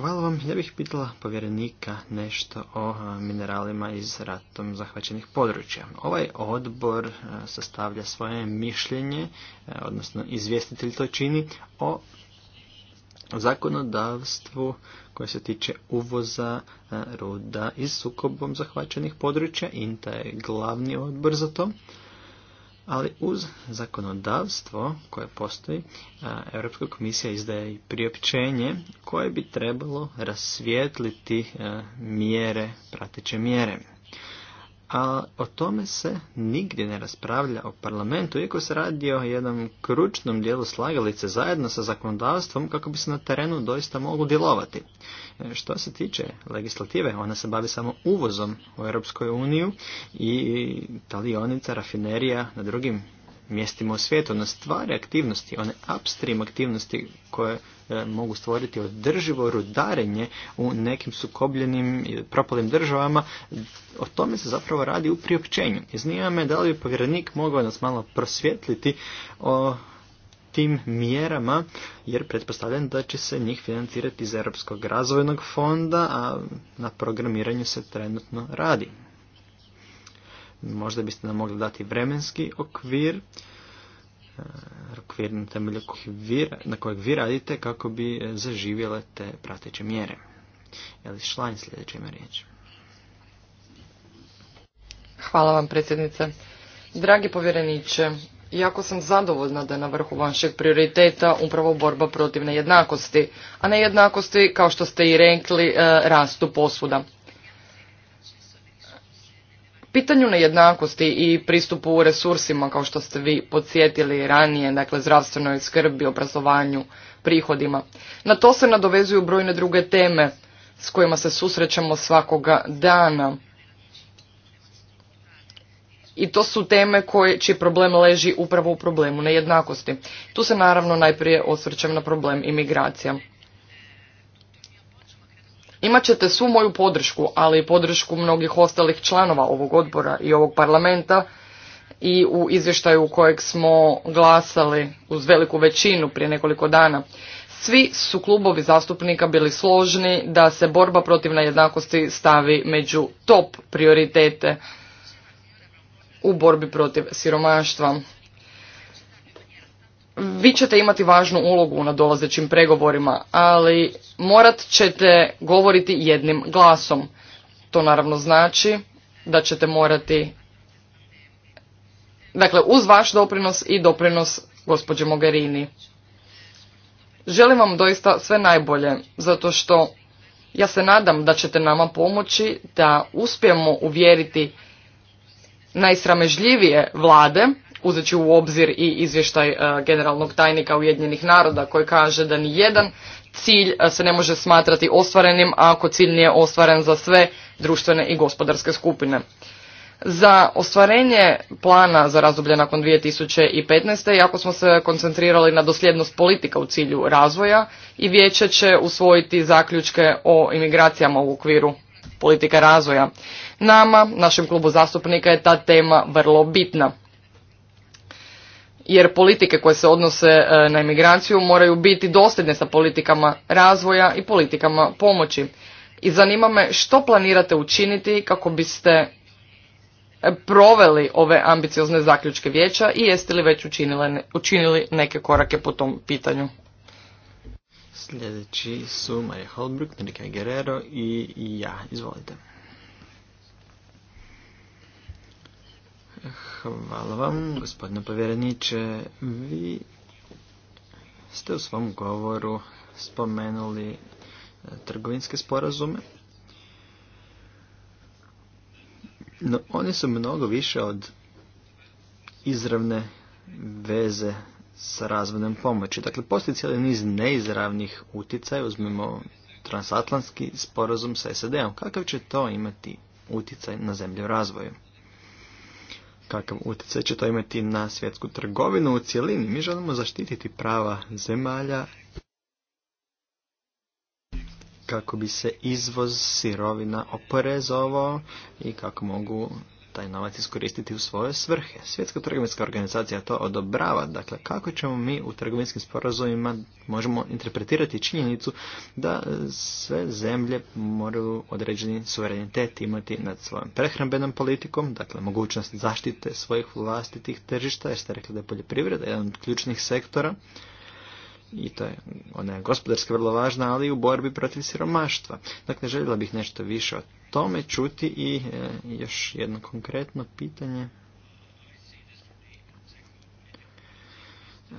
Hvala vam. Ja bih pitala povjerenika nešto o mineralima iz ratom zahvaćenih područja. Ovaj odbor sastavlja svoje mišljenje, odnosno izvjestitelj to čini, o zakonodavstvu koje se tiče uvoza ruda iz sukobom zahvaćenih područja. INTA je glavni odbor za to ali uz zakonodavstvo koje postoji, e, Europska komisija izdaje i priopćenje koje bi trebalo rasvijetliti e, mjere, prateće mjere a o tome se nigdje ne raspravlja o parlamentu, iako se radi o jednom kručnom dijelu slagalice zajedno sa zakonodavstvom kako bi se na terenu doista moglo djelovati. E, što se tiče legislative, ona se bavi samo uvozom u Europskoj uniju i talionica, rafinerija na drugim mjestima u svijetu, na stvari aktivnosti, one upstream aktivnosti koje E, mogu stvoriti održivo rudarenje u nekim sukobljenim i propalim državama. O tome se zapravo radi u priopćenju. I zanima me da li bi povjerenik mogao nas malo prosvjetliti o tim mjerama, jer pretpostavljam da će se njih financirati iz Europskog razvojnog fonda, a na programiranju se trenutno radi. Možda biste nam mogli dati vremenski okvir okvir na na kojeg vi radite kako bi e, zaživjele te prateće mjere. Jel sljedeće ima Hvala vam predsjednice. Dragi povjereniče, jako sam zadovoljna da je na vrhu vašeg prioriteta upravo borba protiv nejednakosti, a nejednakosti, kao što ste i rekli, e, rastu posvuda. Pitanju nejednakosti i pristupu resursima, kao što ste vi podsjetili ranije, dakle zdravstvenoj skrbi, obrazovanju, prihodima. Na to se nadovezuju brojne druge teme s kojima se susrećemo svakoga dana. I to su teme koje, čiji problem leži upravo u problemu nejednakosti. Tu se naravno najprije osvrćem na problem imigracija. Imat ćete svu moju podršku, ali i podršku mnogih ostalih članova ovog odbora i ovog parlamenta i u izvještaju u kojeg smo glasali uz veliku većinu prije nekoliko dana. Svi su klubovi zastupnika bili složni da se borba protiv nejednakosti stavi među top prioritete u borbi protiv siromaštva vi ćete imati važnu ulogu na dolazećim pregovorima, ali morat ćete govoriti jednim glasom. To naravno znači da ćete morati, dakle uz vaš doprinos i doprinos gospođe Mogherini. Želim vam doista sve najbolje, zato što ja se nadam da ćete nama pomoći da uspijemo uvjeriti najsramežljivije vlade uzeći u obzir i izvještaj e, generalnog tajnika Ujedinjenih naroda koji kaže da ni jedan cilj e, se ne može smatrati ostvarenim ako cilj nije ostvaren za sve društvene i gospodarske skupine. Za ostvarenje plana za razdoblje nakon 2015. jako smo se koncentrirali na dosljednost politika u cilju razvoja i vijeće će usvojiti zaključke o imigracijama u okviru politika razvoja. Nama, našem klubu zastupnika, je ta tema vrlo bitna jer politike koje se odnose e, na imigraciju moraju biti dosljedne sa politikama razvoja i politikama pomoći. I zanima me što planirate učiniti kako biste e, proveli ove ambiciozne zaključke vijeća i jeste li već učinili, učinili neke korake po tom pitanju? Sljedeći su Marija Holbrook, Nerika Guerrero i ja. Izvolite. Hvala vam, gospodine povjereniče. Vi ste u svom govoru spomenuli e, trgovinske sporazume. No, oni su mnogo više od izravne veze sa razvojnom pomoći. Dakle, postoji cijeli niz neizravnih utjecaja, uzmimo transatlantski sporazum sa SAD-om. Kakav će to imati utjecaj na zemlje razvoju? kakav utjecaj će to imati na svjetsku trgovinu u cjelini. Mi želimo zaštititi prava zemalja kako bi se izvoz sirovina oporezovao i kako mogu taj novac iskoristiti u svoje svrhe. Svjetska trgovinska organizacija to odobrava. Dakle, kako ćemo mi u trgovinskim sporazumima možemo interpretirati činjenicu da sve zemlje moraju određeni suverenitet imati nad svojom prehrambenom politikom, dakle mogućnost zaštite svojih vlastitih tržišta, jer ste rekli da je poljoprivreda jedan od ključnih sektora i to je, ona vrlo važna, ali i u borbi protiv siromaštva. Dakle, željela bih nešto više o tome čuti i e, još jedno konkretno pitanje. E,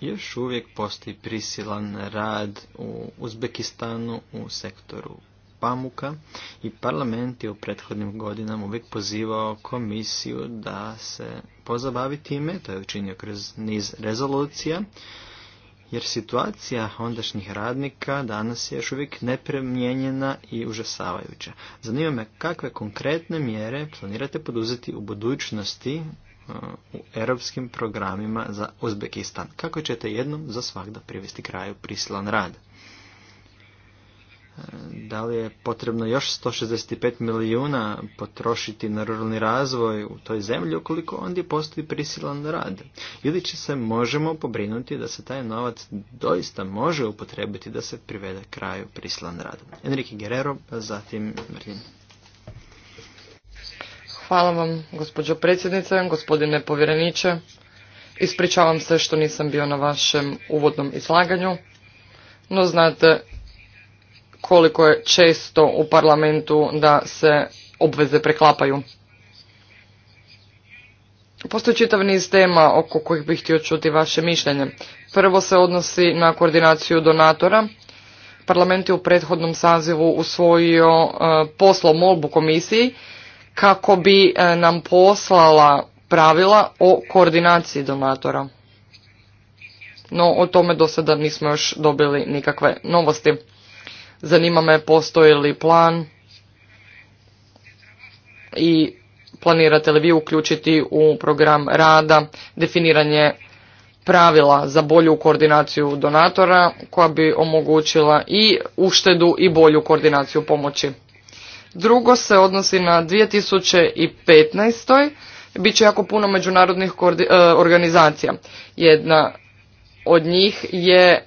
još uvijek postoji prisilan rad u Uzbekistanu u sektoru pamuka i parlament je u prethodnim godinama uvijek pozivao komisiju da se pozabavi time, to je učinio kroz niz rezolucija, jer situacija ondašnjih radnika danas je još uvijek nepremijenjena i užasavajuća. Zanima me kakve konkretne mjere planirate poduzeti u budućnosti e, u europskim programima za Uzbekistan. Kako ćete jednom za svakda privesti kraju prisilan rad? Da li je potrebno još 165 milijuna potrošiti na ruralni razvoj u toj zemlji ukoliko ondje postoji prisilan rad? Ili će se možemo pobrinuti da se taj novac doista može upotrebiti da se privede kraju prisilan rad? Enrique Guerrero, zatim Martin. Hvala vam, gospođo predsjednice, gospodine povjereniče. Ispričavam se što nisam bio na vašem uvodnom izlaganju, no znate koliko je često u parlamentu da se obveze preklapaju. Postoji čitav niz tema oko kojih bih htio čuti vaše mišljenje. Prvo se odnosi na koordinaciju donatora. Parlament je u prethodnom sazivu usvojio e, poslo molbu komisiji kako bi e, nam poslala pravila o koordinaciji donatora. No o tome do sada nismo još dobili nikakve novosti. Zanima me postoji li plan i planirate li vi uključiti u program rada definiranje pravila za bolju koordinaciju donatora koja bi omogućila i uštedu i bolju koordinaciju pomoći. Drugo se odnosi na 2015. Biće jako puno međunarodnih e, organizacija. Jedna od njih je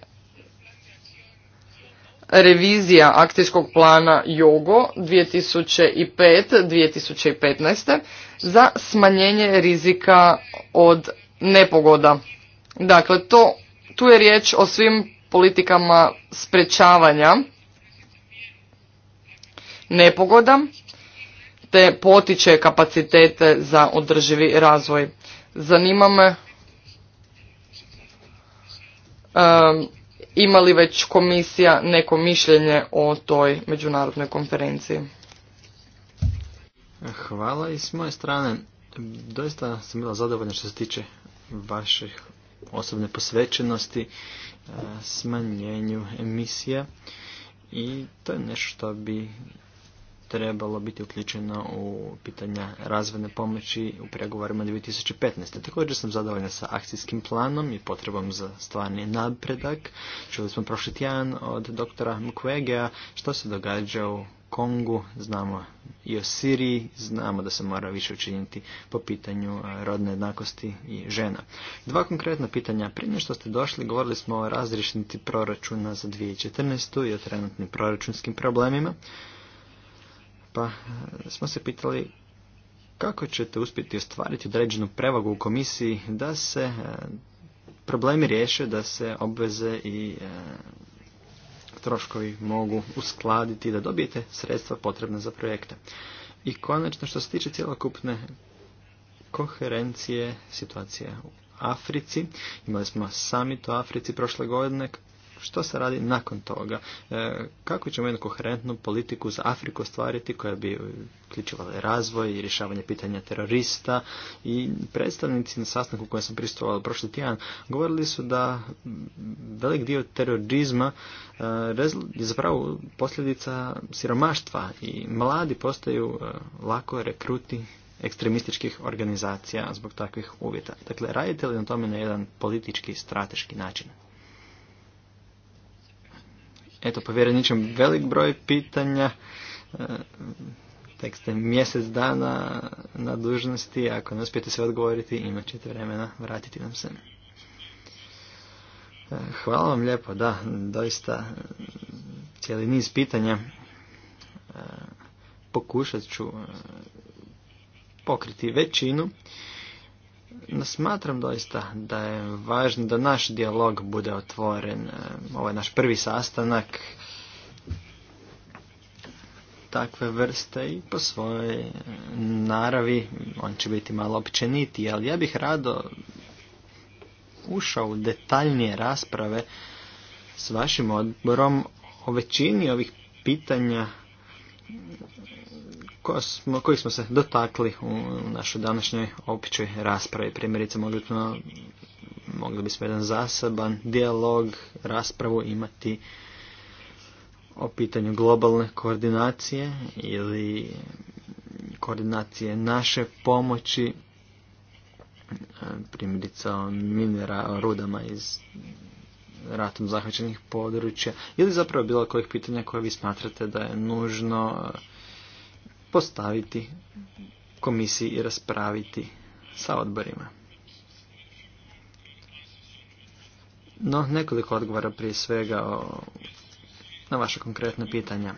revizija akcijskog plana Jogo 2005-2015 za smanjenje rizika od nepogoda. Dakle, to, tu je riječ o svim politikama sprečavanja nepogoda te potiče kapacitete za održivi razvoj. Zanima me ima li već komisija neko mišljenje o toj međunarodnoj konferenciji. Hvala i s moje strane doista sam bila zadovoljna što se tiče vaših osobne posvećenosti e, smanjenju emisija i to je nešto što bi trebalo biti uključeno u pitanja razvojne pomoći u pregovorima 2015. Također sam zadovoljan sa akcijskim planom i potrebom za stvarni napredak. Čuli smo prošli tjedan od doktora Mukwegea što se događa u Kongu, znamo i o Siriji, znamo da se mora više učiniti po pitanju e, rodne jednakosti i žena. Dva konkretna pitanja. Prije što ste došli, govorili smo o razrišnici proračuna za 2014. i o trenutnim proračunskim problemima pa e, smo se pitali kako ćete uspjeti ostvariti određenu prevagu u komisiji da se e, problemi riješe, da se obveze i e, troškovi mogu uskladiti, da dobijete sredstva potrebna za projekte. I konačno što se tiče cjelokupne koherencije situacije u Africi. Imali smo summit u Africi prošle godine što se radi nakon toga? E, kako ćemo jednu koherentnu politiku za Afriku stvariti koja bi e, uključivala razvoj i rješavanje pitanja terorista i predstavnici na sastanku kojem sam prisustvovao prošli tjedan govorili su da velik dio terorizma e, je zapravo posljedica siromaštva i mladi postaju lako rekruti ekstremističkih organizacija zbog takvih uvjeta. Dakle, radite li na tome na jedan politički, strateški način? Eto, povjereničem velik broj pitanja. E, Tek ste mjesec dana na dužnosti, ako ne uspijete se odgovoriti, imat ćete vremena vratiti nam se. E, hvala vam lijepo, da, doista cijeli niz pitanja. E, pokušat ću pokriti većinu smatram doista da je važno da naš dijalog bude otvoren. E, Ovo ovaj je naš prvi sastanak takve vrste i po svojoj e, naravi on će biti malo općeniti, ali ja bih rado ušao u detaljnije rasprave s vašim odborom o većini ovih pitanja smo, smo se dotakli u našoj današnjoj općoj raspravi. Primjerice, mogli, mogli bismo jedan zasaban dijalog, raspravu imati o pitanju globalne koordinacije ili koordinacije naše pomoći, primjerice o minera, rudama iz ratom zahvaćenih područja ili zapravo bilo kojih pitanja koje vi smatrate da je nužno postaviti komisiji i raspraviti sa odborima. No, nekoliko odgovora prije svega o, na vaše konkretne pitanja. E,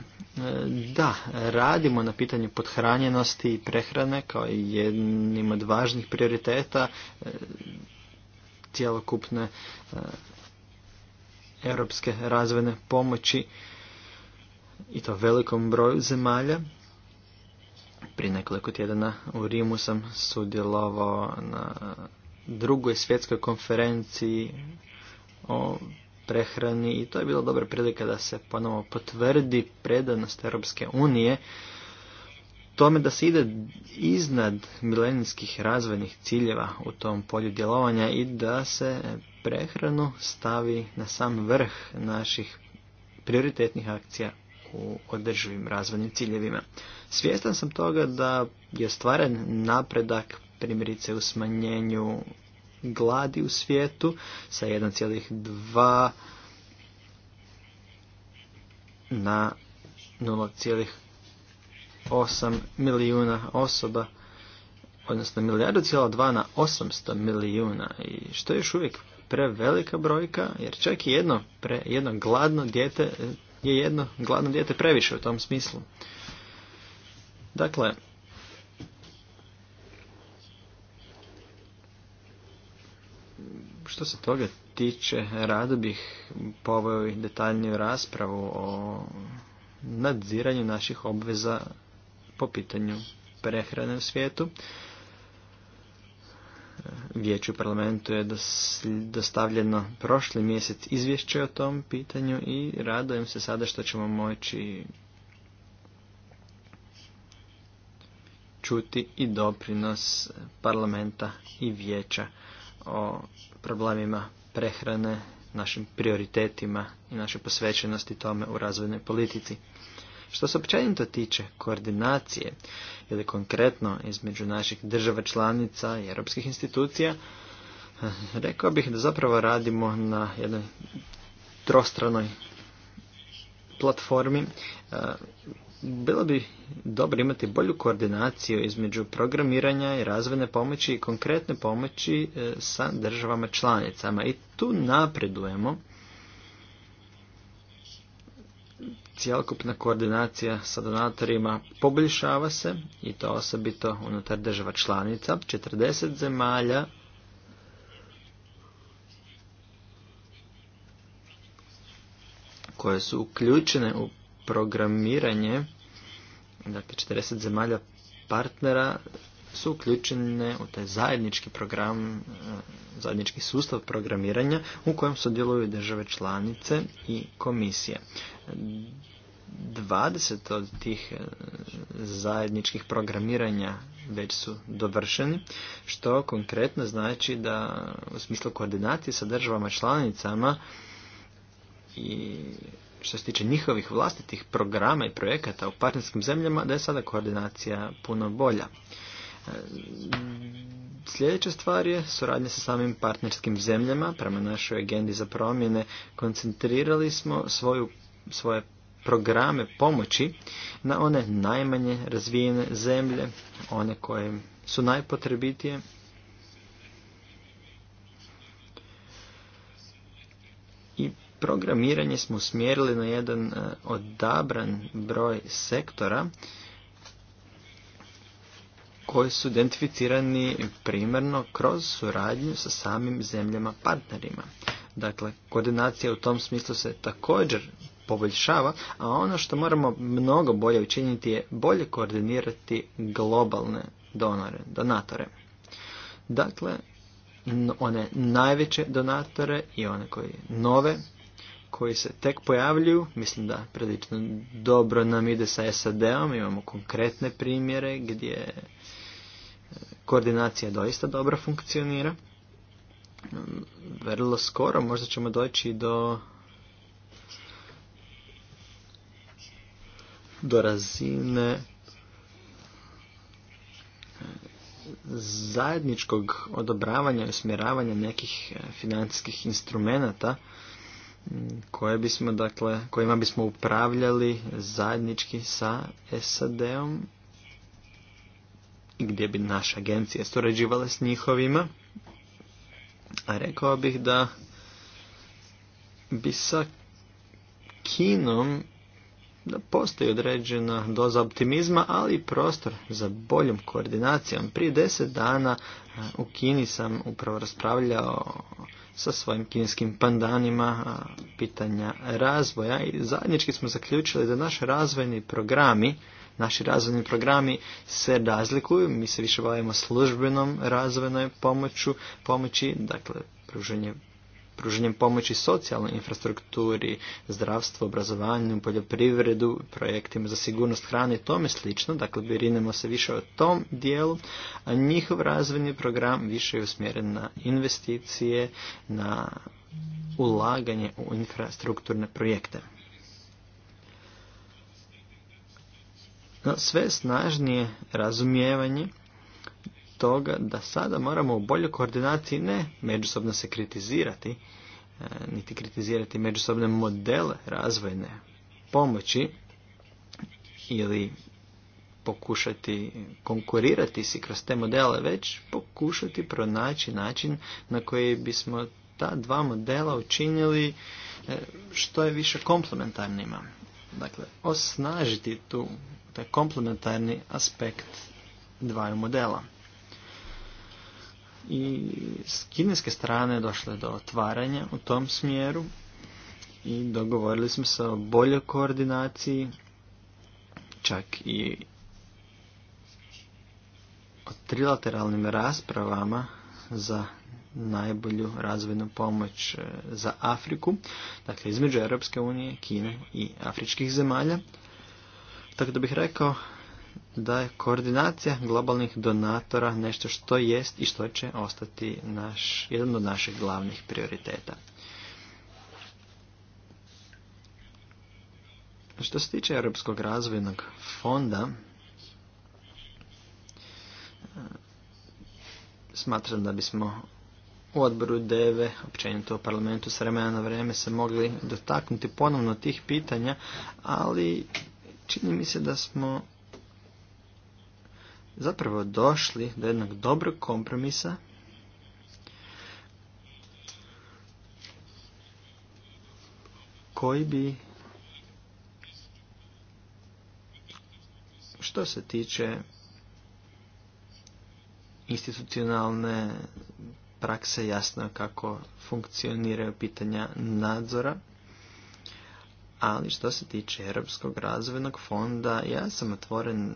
da, radimo na pitanju podhranjenosti i prehrane kao jednim od važnih prioriteta e, cjelokupne e, europske razvojne pomoći i to velikom broju zemalja. Prije nekoliko tjedana u Rimu sam sudjelovao na drugoj svjetskoj konferenciji o prehrani i to je bila dobra prilika da se ponovo potvrdi predanost Europske unije tome da se ide iznad milenijskih razvojnih ciljeva u tom polju djelovanja i da se prehranu stavi na sam vrh naših prioritetnih akcija u održivim razvojnim ciljevima. Svjestan sam toga da je stvaren napredak primjerice u smanjenju gladi u svijetu sa 1,2 na 0,8 milijuna osoba odnosno milijardu cijela dva na 800 milijuna i što je još uvijek prevelika brojka jer čak i jedno, jedno gladno dijete je jedno gladno dijete previše u tom smislu. Dakle, što se toga tiče, rado bih poveo i detaljniju raspravu o nadziranju naših obveza po pitanju prehrane u svijetu vijeću parlamentu je dostavljeno prošli mjesec izvješće o tom pitanju i radojem se sada što ćemo moći čuti i doprinos parlamenta i vijeća o problemima prehrane, našim prioritetima i našoj posvećenosti tome u razvojnoj politici. Što se općenito tiče koordinacije ili konkretno između naših država članica i europskih institucija, eh, rekao bih da zapravo radimo na jednoj trostranoj platformi. Eh, bilo bi dobro imati bolju koordinaciju između programiranja i razvojne pomoći i konkretne pomoći eh, sa državama članicama. I tu napredujemo Cijelokupna koordinacija sa donatorima poboljšava se i to osobito unutar država članica. 40 zemalja koje su uključene u programiranje, dakle 40 zemalja partnera su uključene u taj zajednički program, zajednički sustav programiranja u kojem sudjeluju države članice i komisije. 20 od tih e, zajedničkih programiranja već su dovršeni, što konkretno znači da u smislu koordinacije sa državama članicama i što se tiče njihovih vlastitih programa i projekata u partnerskim zemljama, da je sada koordinacija puno bolja. E, sljedeća stvar je suradnja sa samim partnerskim zemljama. Prema našoj agendi za promjene koncentrirali smo svoju, svoje programe pomoći na one najmanje razvijene zemlje, one koje su najpotrebitije. I programiranje smo usmjerili na jedan e, odabran broj sektora koji su identificirani primarno kroz suradnju sa samim zemljama partnerima. Dakle, koordinacija u tom smislu se također poboljšava, a ono što moramo mnogo bolje učiniti je bolje koordinirati globalne donore, donatore. Dakle, one najveće donatore i one koji nove, koji se tek pojavljuju, mislim da prilično dobro nam ide sa SAD-om, imamo konkretne primjere gdje e, koordinacija doista dobro funkcionira. Vrlo skoro možda ćemo doći do do razine e, zajedničkog odobravanja i usmjeravanja nekih e, financijskih instrumenata koje bismo, dakle, kojima bismo upravljali zajednički sa SAD-om i gdje bi naše agencije surađivale s njihovima. A rekao bih da bi sa Kinom da postoji određena doza optimizma, ali i prostor za boljom koordinacijom. Prije deset dana u Kini sam upravo raspravljao sa svojim kineskim pandanima pitanja razvoja i zajednički smo zaključili da naši razvojni programi Naši razvojni programi se razlikuju, mi se više bavimo službenom razvojnoj pomoću, pomoći, dakle, pruženje pruženjem pomoći socijalnoj infrastrukturi, zdravstvu, obrazovanju, poljoprivredu, projektima za sigurnost hrane i tome slično. Dakle, brinemo se više o tom dijelu, a njihov razvojni program više je usmjeren na investicije, na ulaganje u infrastrukturne projekte. No, sve snažnije razumijevanje toga da sada moramo u boljoj koordinaciji ne međusobno se kritizirati, e, niti kritizirati međusobne modele razvojne pomoći ili pokušati konkurirati si kroz te modele, već pokušati pronaći način na koji bismo ta dva modela učinili e, što je više komplementarnima. Dakle, osnažiti tu taj komplementarni aspekt dvaju modela. I s kineske strane došle do otvaranja u tom smjeru i dogovorili smo se o boljoj koordinaciji, čak i o trilateralnim raspravama za najbolju razvojnu pomoć e, za Afriku, dakle između Europske unije, Kine i afričkih zemalja. Tako da bih rekao da je koordinacija globalnih donatora nešto što jest i što će ostati naš, jedan od naših glavnih prioriteta. Što se tiče Europskog razvojnog fonda, smatram da bismo u odboru DEVE, općenito u parlamentu s vremena na vreme se mogli dotaknuti ponovno tih pitanja, ali čini mi se da smo zapravo došli do jednog dobrog kompromisa koji bi što se tiče institucionalne prakse jasno kako funkcioniraju pitanja nadzora ali što se tiče Europskog razvojnog fonda, ja sam otvoren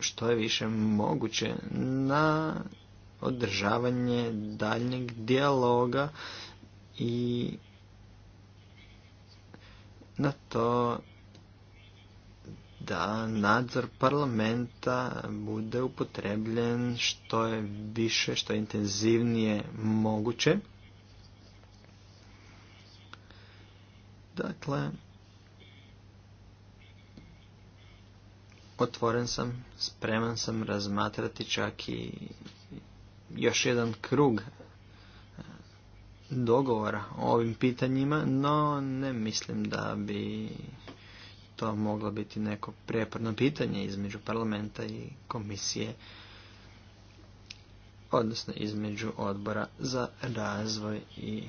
što je više moguće na održavanje daljnjeg dijaloga i na to da nadzor parlamenta bude upotrebljen što je više, što je intenzivnije moguće. Dakle, otvoren sam, spreman sam razmatrati čak i još jedan krug e, dogovora o ovim pitanjima, no ne mislim da bi to moglo biti neko prijeporno pitanje između parlamenta i komisije, odnosno između odbora za razvoj i e,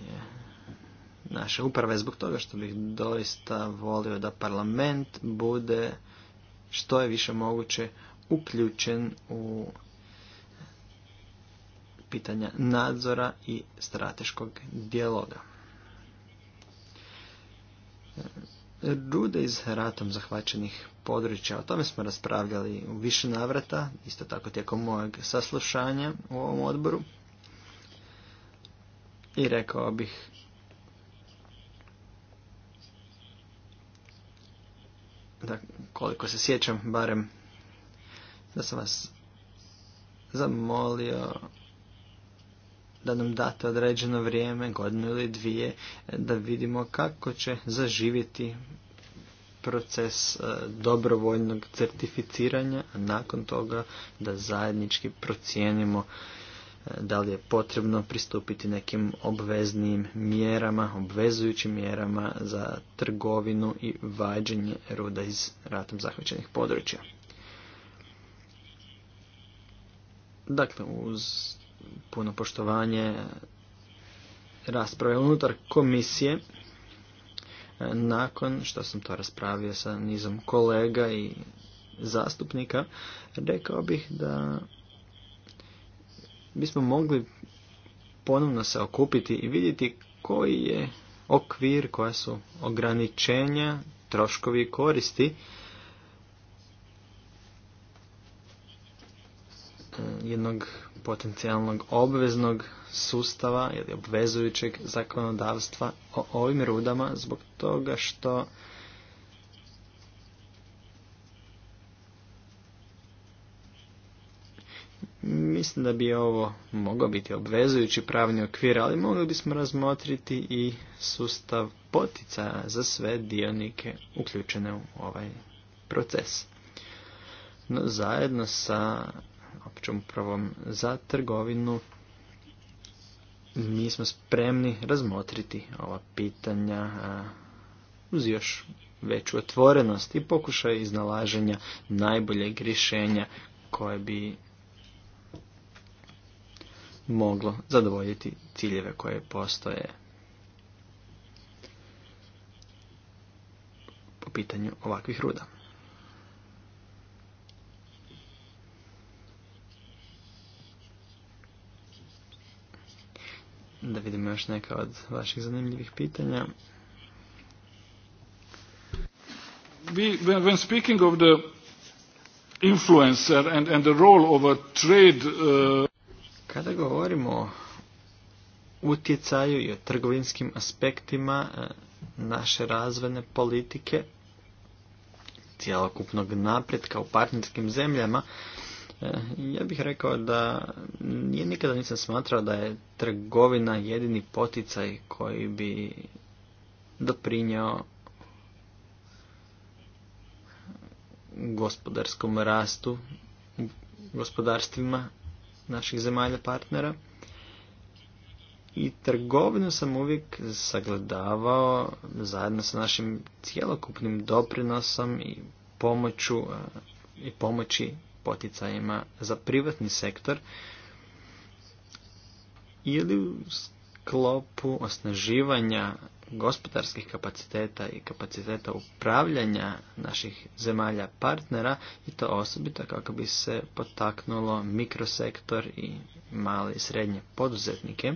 naše uprave, zbog toga što bih doista volio da parlament bude što je više moguće uključen u pitanja nadzora i strateškog dijaloga. Rude iz ratom zahvaćenih područja, o tome smo raspravljali u više navrata, isto tako tijekom mojeg saslušanja u ovom odboru. I rekao bih da koliko se sjećam barem da sam vas zamolio da nam date određeno vrijeme, godinu ili dvije, da vidimo kako će zaživjeti proces e, dobrovoljnog certificiranja, a nakon toga da zajednički procijenimo da li je potrebno pristupiti nekim obveznim mjerama, obvezujućim mjerama za trgovinu i vađenje ruda iz ratom zahvaćenih područja. Dakle, uz puno poštovanje rasprave unutar komisije, nakon što sam to raspravio sa nizom kolega i zastupnika, rekao bih da bismo mogli ponovno se okupiti i vidjeti koji je okvir, koja su ograničenja, troškovi i koristi e, jednog potencijalnog obveznog sustava ili obvezujućeg zakonodavstva o ovim rudama zbog toga što Mislim da bi ovo mogao biti obvezujući pravni okvir, ali mogli bismo razmotriti i sustav potica za sve dionike uključene u ovaj proces. No, zajedno sa općom pravom za trgovinu mi smo spremni razmotriti ova pitanja uz još veću otvorenost i pokušaj iznalaženja najboljeg rješenja koje bi moglo zadovoljiti ciljeve koje postoje po pitanju ovakvih ruda. Da vidimo još neka od vaših zanimljivih pitanja. We, when speaking of the influencer and, and the role of a trade uh, kada govorimo o utjecaju i o trgovinskim aspektima e, naše razvojne politike, cjelokupnog napretka u partnerskim zemljama, e, ja bih rekao da nije nikada nisam smatrao da je trgovina jedini poticaj koji bi doprinjao gospodarskom rastu gospodarstvima naših zemalja partnera. I trgovinu sam uvijek sagledavao zajedno sa našim cjelokupnim doprinosom i pomoću e, i pomoći poticajima za privatni sektor ili u sklopu osnaživanja gospodarskih kapaciteta i kapaciteta upravljanja naših zemalja partnera i to osobito kako bi se potaknulo mikrosektor i male i srednje poduzetnike.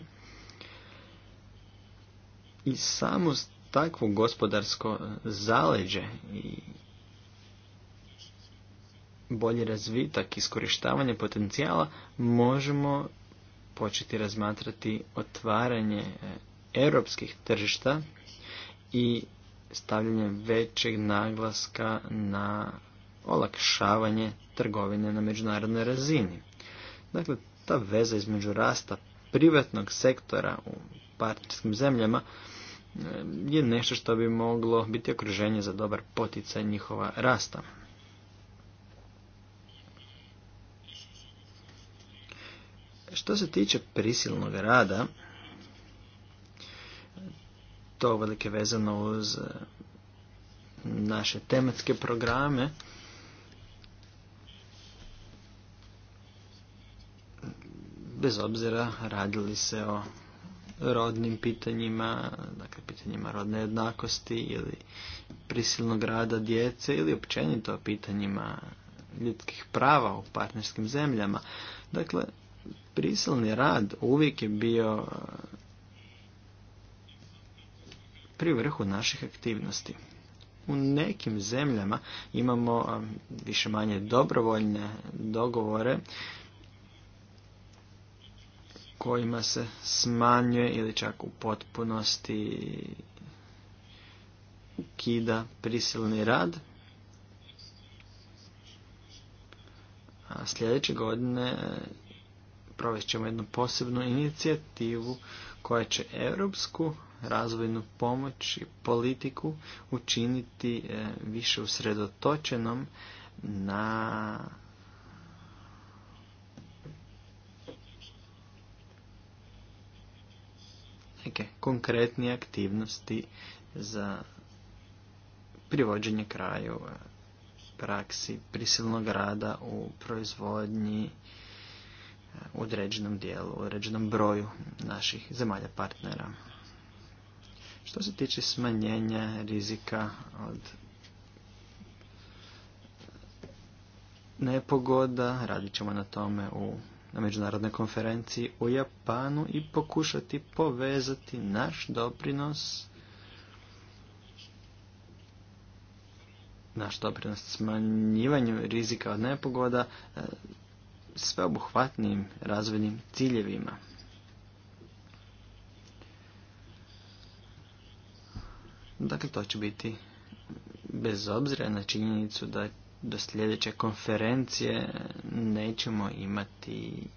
I samo takvo gospodarsko zaleđe i bolji razvitak, iskorištavanje potencijala možemo početi razmatrati otvaranje europskih tržišta i stavljanje većeg naglaska na olakšavanje trgovine na međunarodnoj razini. Dakle, ta veza između rasta privatnog sektora u partnerskim zemljama e, je nešto što bi moglo biti okruženje za dobar poticaj njihova rasta. Što se tiče prisilnog rada, to velike vezano uz e, naše tematske programe. Bez obzira radili se o rodnim pitanjima, dakle pitanjima rodne jednakosti ili prisilnog rada djece ili općenito o pitanjima ljudskih prava u partnerskim zemljama. Dakle, prisilni rad uvijek je bio pri vrhu naših aktivnosti. U nekim zemljama imamo više manje dobrovoljne dogovore kojima se smanjuje ili čak u potpunosti ukida prisilni rad. A sljedeće godine e, provest ćemo jednu posebnu inicijativu koja će europsku razvojnu pomoć i politiku učiniti e, više usredotočenom na neke konkretne aktivnosti za privođenje kraju e, praksi prisilnog rada u proizvodnji e, u određenom dijelu, u određenom broju naših zemalja partnera. Što se tiče smanjenja rizika od nepogoda, radit ćemo na tome u, na međunarodnoj konferenciji u Japanu i pokušati povezati naš doprinos naš doprinos smanjivanju rizika od nepogoda e, sveobuhvatnim razvojnim ciljevima. Dakle, to će biti bez obzira na činjenicu da do sljedeće konferencije nećemo imati e,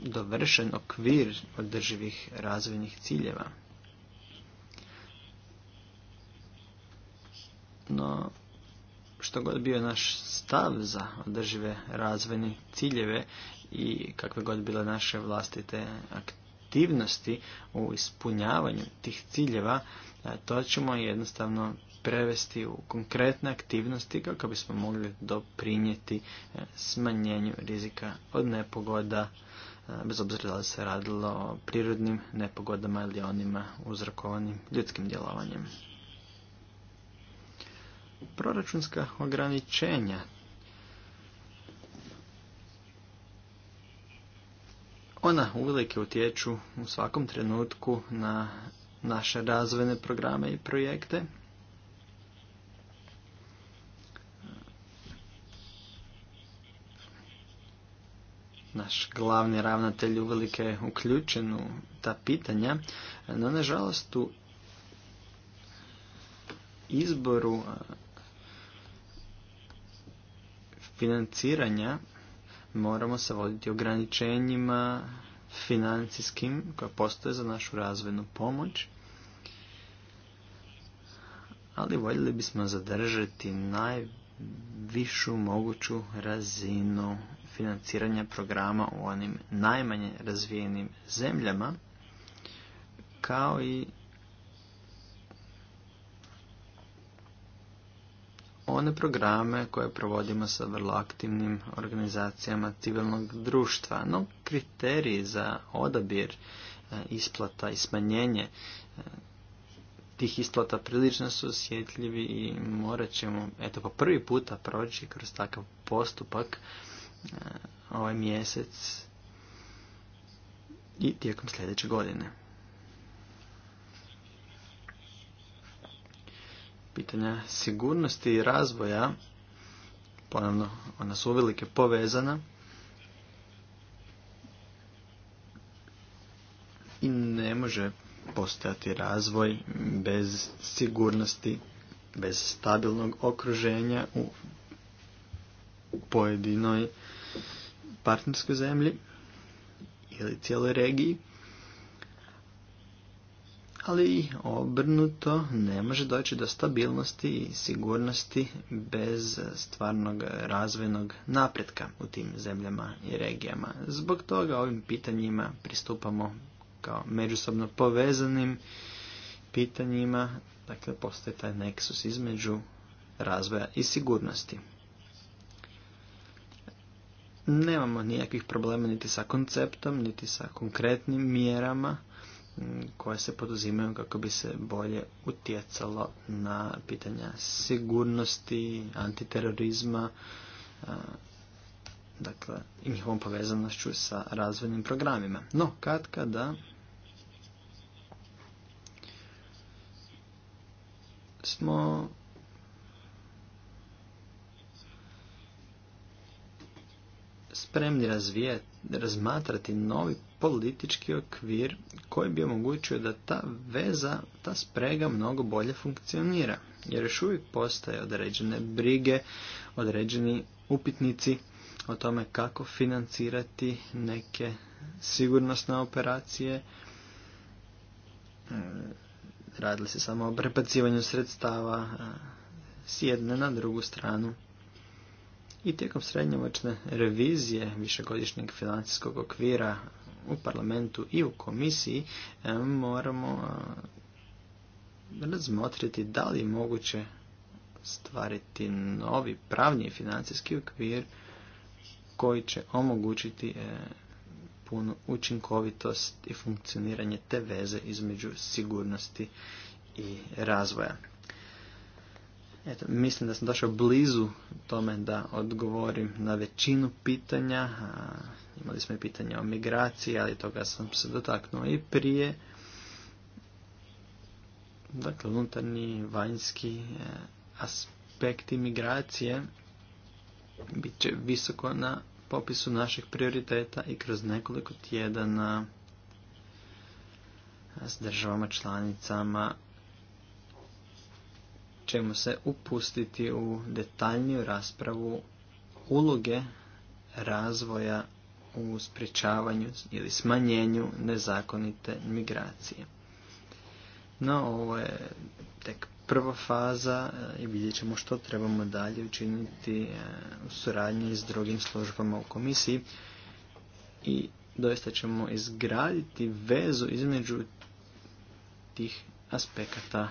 dovršen okvir održivih razvojnih ciljeva. No, što god bio naš stav za održive razvojne ciljeve i kakve god bile naše vlastite aktivnosti, aktivnosti u ispunjavanju tih ciljeva, e, to ćemo jednostavno prevesti u konkretne aktivnosti kako bismo mogli doprinijeti e, smanjenju rizika od nepogoda, e, bez obzira da li se radilo o prirodnim nepogodama ili onima uzrokovanim ljudskim djelovanjem. Proračunska ograničenja Ona uvelike utječu u svakom trenutku na naše razvojne programe i projekte. Naš glavni ravnatelj uvelike je uključen u ta pitanja, no nažalost u izboru financiranja moramo se voditi ograničenjima financijskim koja postoje za našu razvojnu pomoć, ali voljeli bismo zadržati najvišu moguću razinu financiranja programa u onim najmanje razvijenim zemljama, kao i one programe koje provodimo sa vrlo aktivnim organizacijama civilnog društva. No, kriteriji za odabir e, isplata i smanjenje e, tih isplata prilično su osjetljivi i morat ćemo, eto, po prvi puta proći kroz takav postupak e, ovaj mjesec i tijekom sljedeće godine. pitanja sigurnosti i razvoja, ponovno ona su uvelike povezana. I ne može postojati razvoj bez sigurnosti, bez stabilnog okruženja u pojedinoj partnerskoj zemlji ili cijeloj regiji ali obrnuto ne može doći do stabilnosti i sigurnosti bez stvarnog razvojnog napretka u tim zemljama i regijama. Zbog toga ovim pitanjima pristupamo kao međusobno povezanim pitanjima, dakle postoji taj neksus između razvoja i sigurnosti. Nemamo nijakvih problema niti sa konceptom, niti sa konkretnim mjerama koje se poduzimaju kako bi se bolje utjecalo na pitanja sigurnosti, antiterorizma, dakle, i njihovom povezanošću sa razvojnim programima. No, kad kada smo spremni razvijet, razmatrati novi politički okvir koji bi omogućio da ta veza, ta sprega mnogo bolje funkcionira. Jer još uvijek postoje određene brige, određeni upitnici o tome kako financirati neke sigurnosne operacije. Radili se samo o prepacivanju sredstava s jedne na drugu stranu. I tijekom srednjovočne revizije višegodišnjeg financijskog okvira u parlamentu i u komisiji e, moramo e, razmotriti da li je moguće stvariti novi pravni i financijski okvir koji će omogućiti e, punu učinkovitost i funkcioniranje te veze između sigurnosti i razvoja. Eto, mislim da sam došao blizu tome da odgovorim na većinu pitanja. Imali smo i pitanje o migraciji, ali toga sam se dotaknuo i prije. Dakle, unutarnji, vanjski e, aspekti migracije bit će visoko na popisu naših prioriteta i kroz nekoliko tjedana s državama članicama ćemo se upustiti u detaljniju raspravu uloge razvoja u sprječavanju ili smanjenju nezakonite migracije. No, ovo je tek prva faza e, i vidjet ćemo što trebamo dalje učiniti e, u suradnji s drugim službama u komisiji i doista ćemo izgraditi vezu između tih aspekata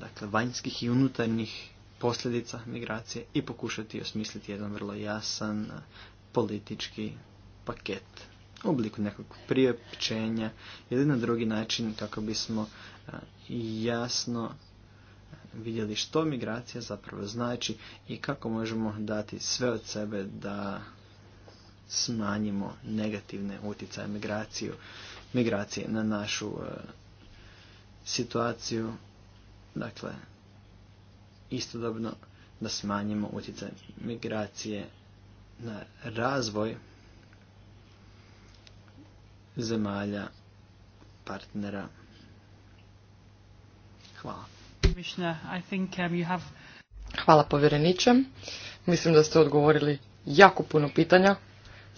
dakle, vanjskih i unutarnjih posljedica migracije i pokušati osmisliti jedan vrlo jasan politički paket u obliku nekog priopćenja ili na drugi način kako bismo jasno vidjeli što migracija zapravo znači i kako možemo dati sve od sebe da smanjimo negativne utjecaje migraciju, migracije na našu situaciju Dakle, istodobno da smanjimo utjecaj migracije na razvoj zemalja partnera. Hvala. Um, Hvala povjereničem. Mislim da ste odgovorili jako puno pitanja.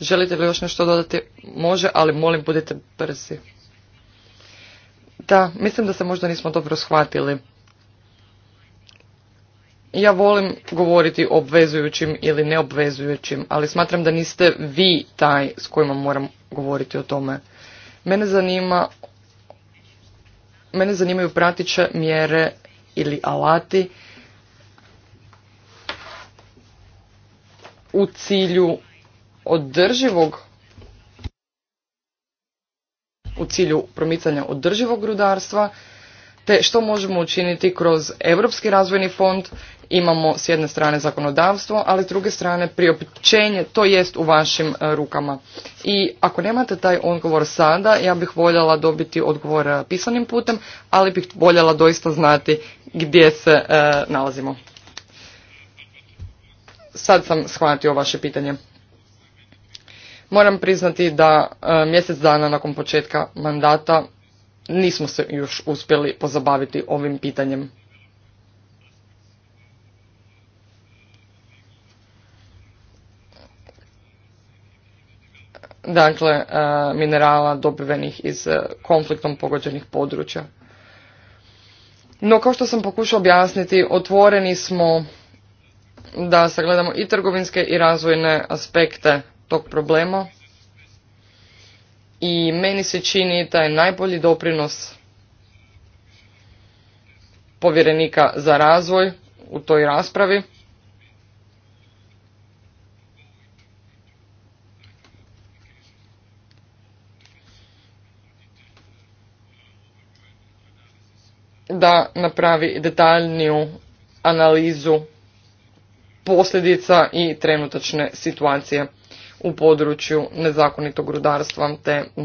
Želite li još nešto dodati? Može, ali molim budite brzi. Da, mislim da se možda nismo dobro shvatili ja volim govoriti o obvezujućim ili neobvezujućim, ali smatram da niste vi taj s kojima moram govoriti o tome. Mene zanima mene zanimaju pratiće mjere ili alati u cilju održivog u cilju promicanja održivog rudarstva te što možemo učiniti kroz Europski razvojni fond Imamo s jedne strane zakonodavstvo, ali s druge strane priopćenje, to jest u vašim e, rukama. I ako nemate taj odgovor sada, ja bih voljela dobiti odgovor e, pisanim putem, ali bih voljela doista znati gdje se e, nalazimo. Sad sam shvatio vaše pitanje. Moram priznati da mjesec dana nakon početka mandata nismo se još uspjeli pozabaviti ovim pitanjem. dakle, e, minerala dobivenih iz e, konfliktom pogođenih područja. No, kao što sam pokušao objasniti, otvoreni smo da sagledamo i trgovinske i razvojne aspekte tog problema. I meni se čini da je najbolji doprinos povjerenika za razvoj u toj raspravi da napravi detaljniju analizu posljedica i trenutačne situacije u području nezakonitog rudarstva te mm,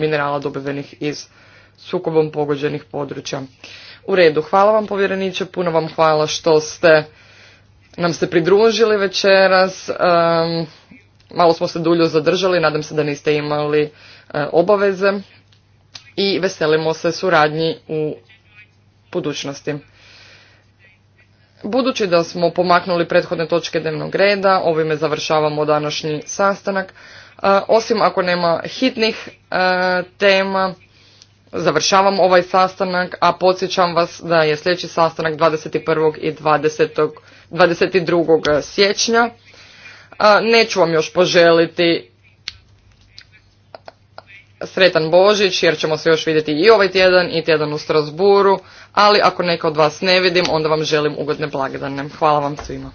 minerala dobivenih iz sukobom pogođenih područja. U redu, hvala vam povjereniče, puno vam hvala što ste nam se pridružili večeras. malo smo se duljo zadržali, nadam se da niste imali e, obaveze i veselimo se suradnji u budućnosti. Budući da smo pomaknuli prethodne točke dnevnog reda, ovime završavamo današnji sastanak. E, osim ako nema hitnih e, tema, završavam ovaj sastanak, a podsjećam vas da je sljedeći sastanak 21. i 22. siječnja. E, neću vam još poželiti sretan Božić jer ćemo se još vidjeti i ovaj tjedan i tjedan u Strasburu, ali ako neka od vas ne vidim onda vam želim ugodne blagdane. Hvala vam svima.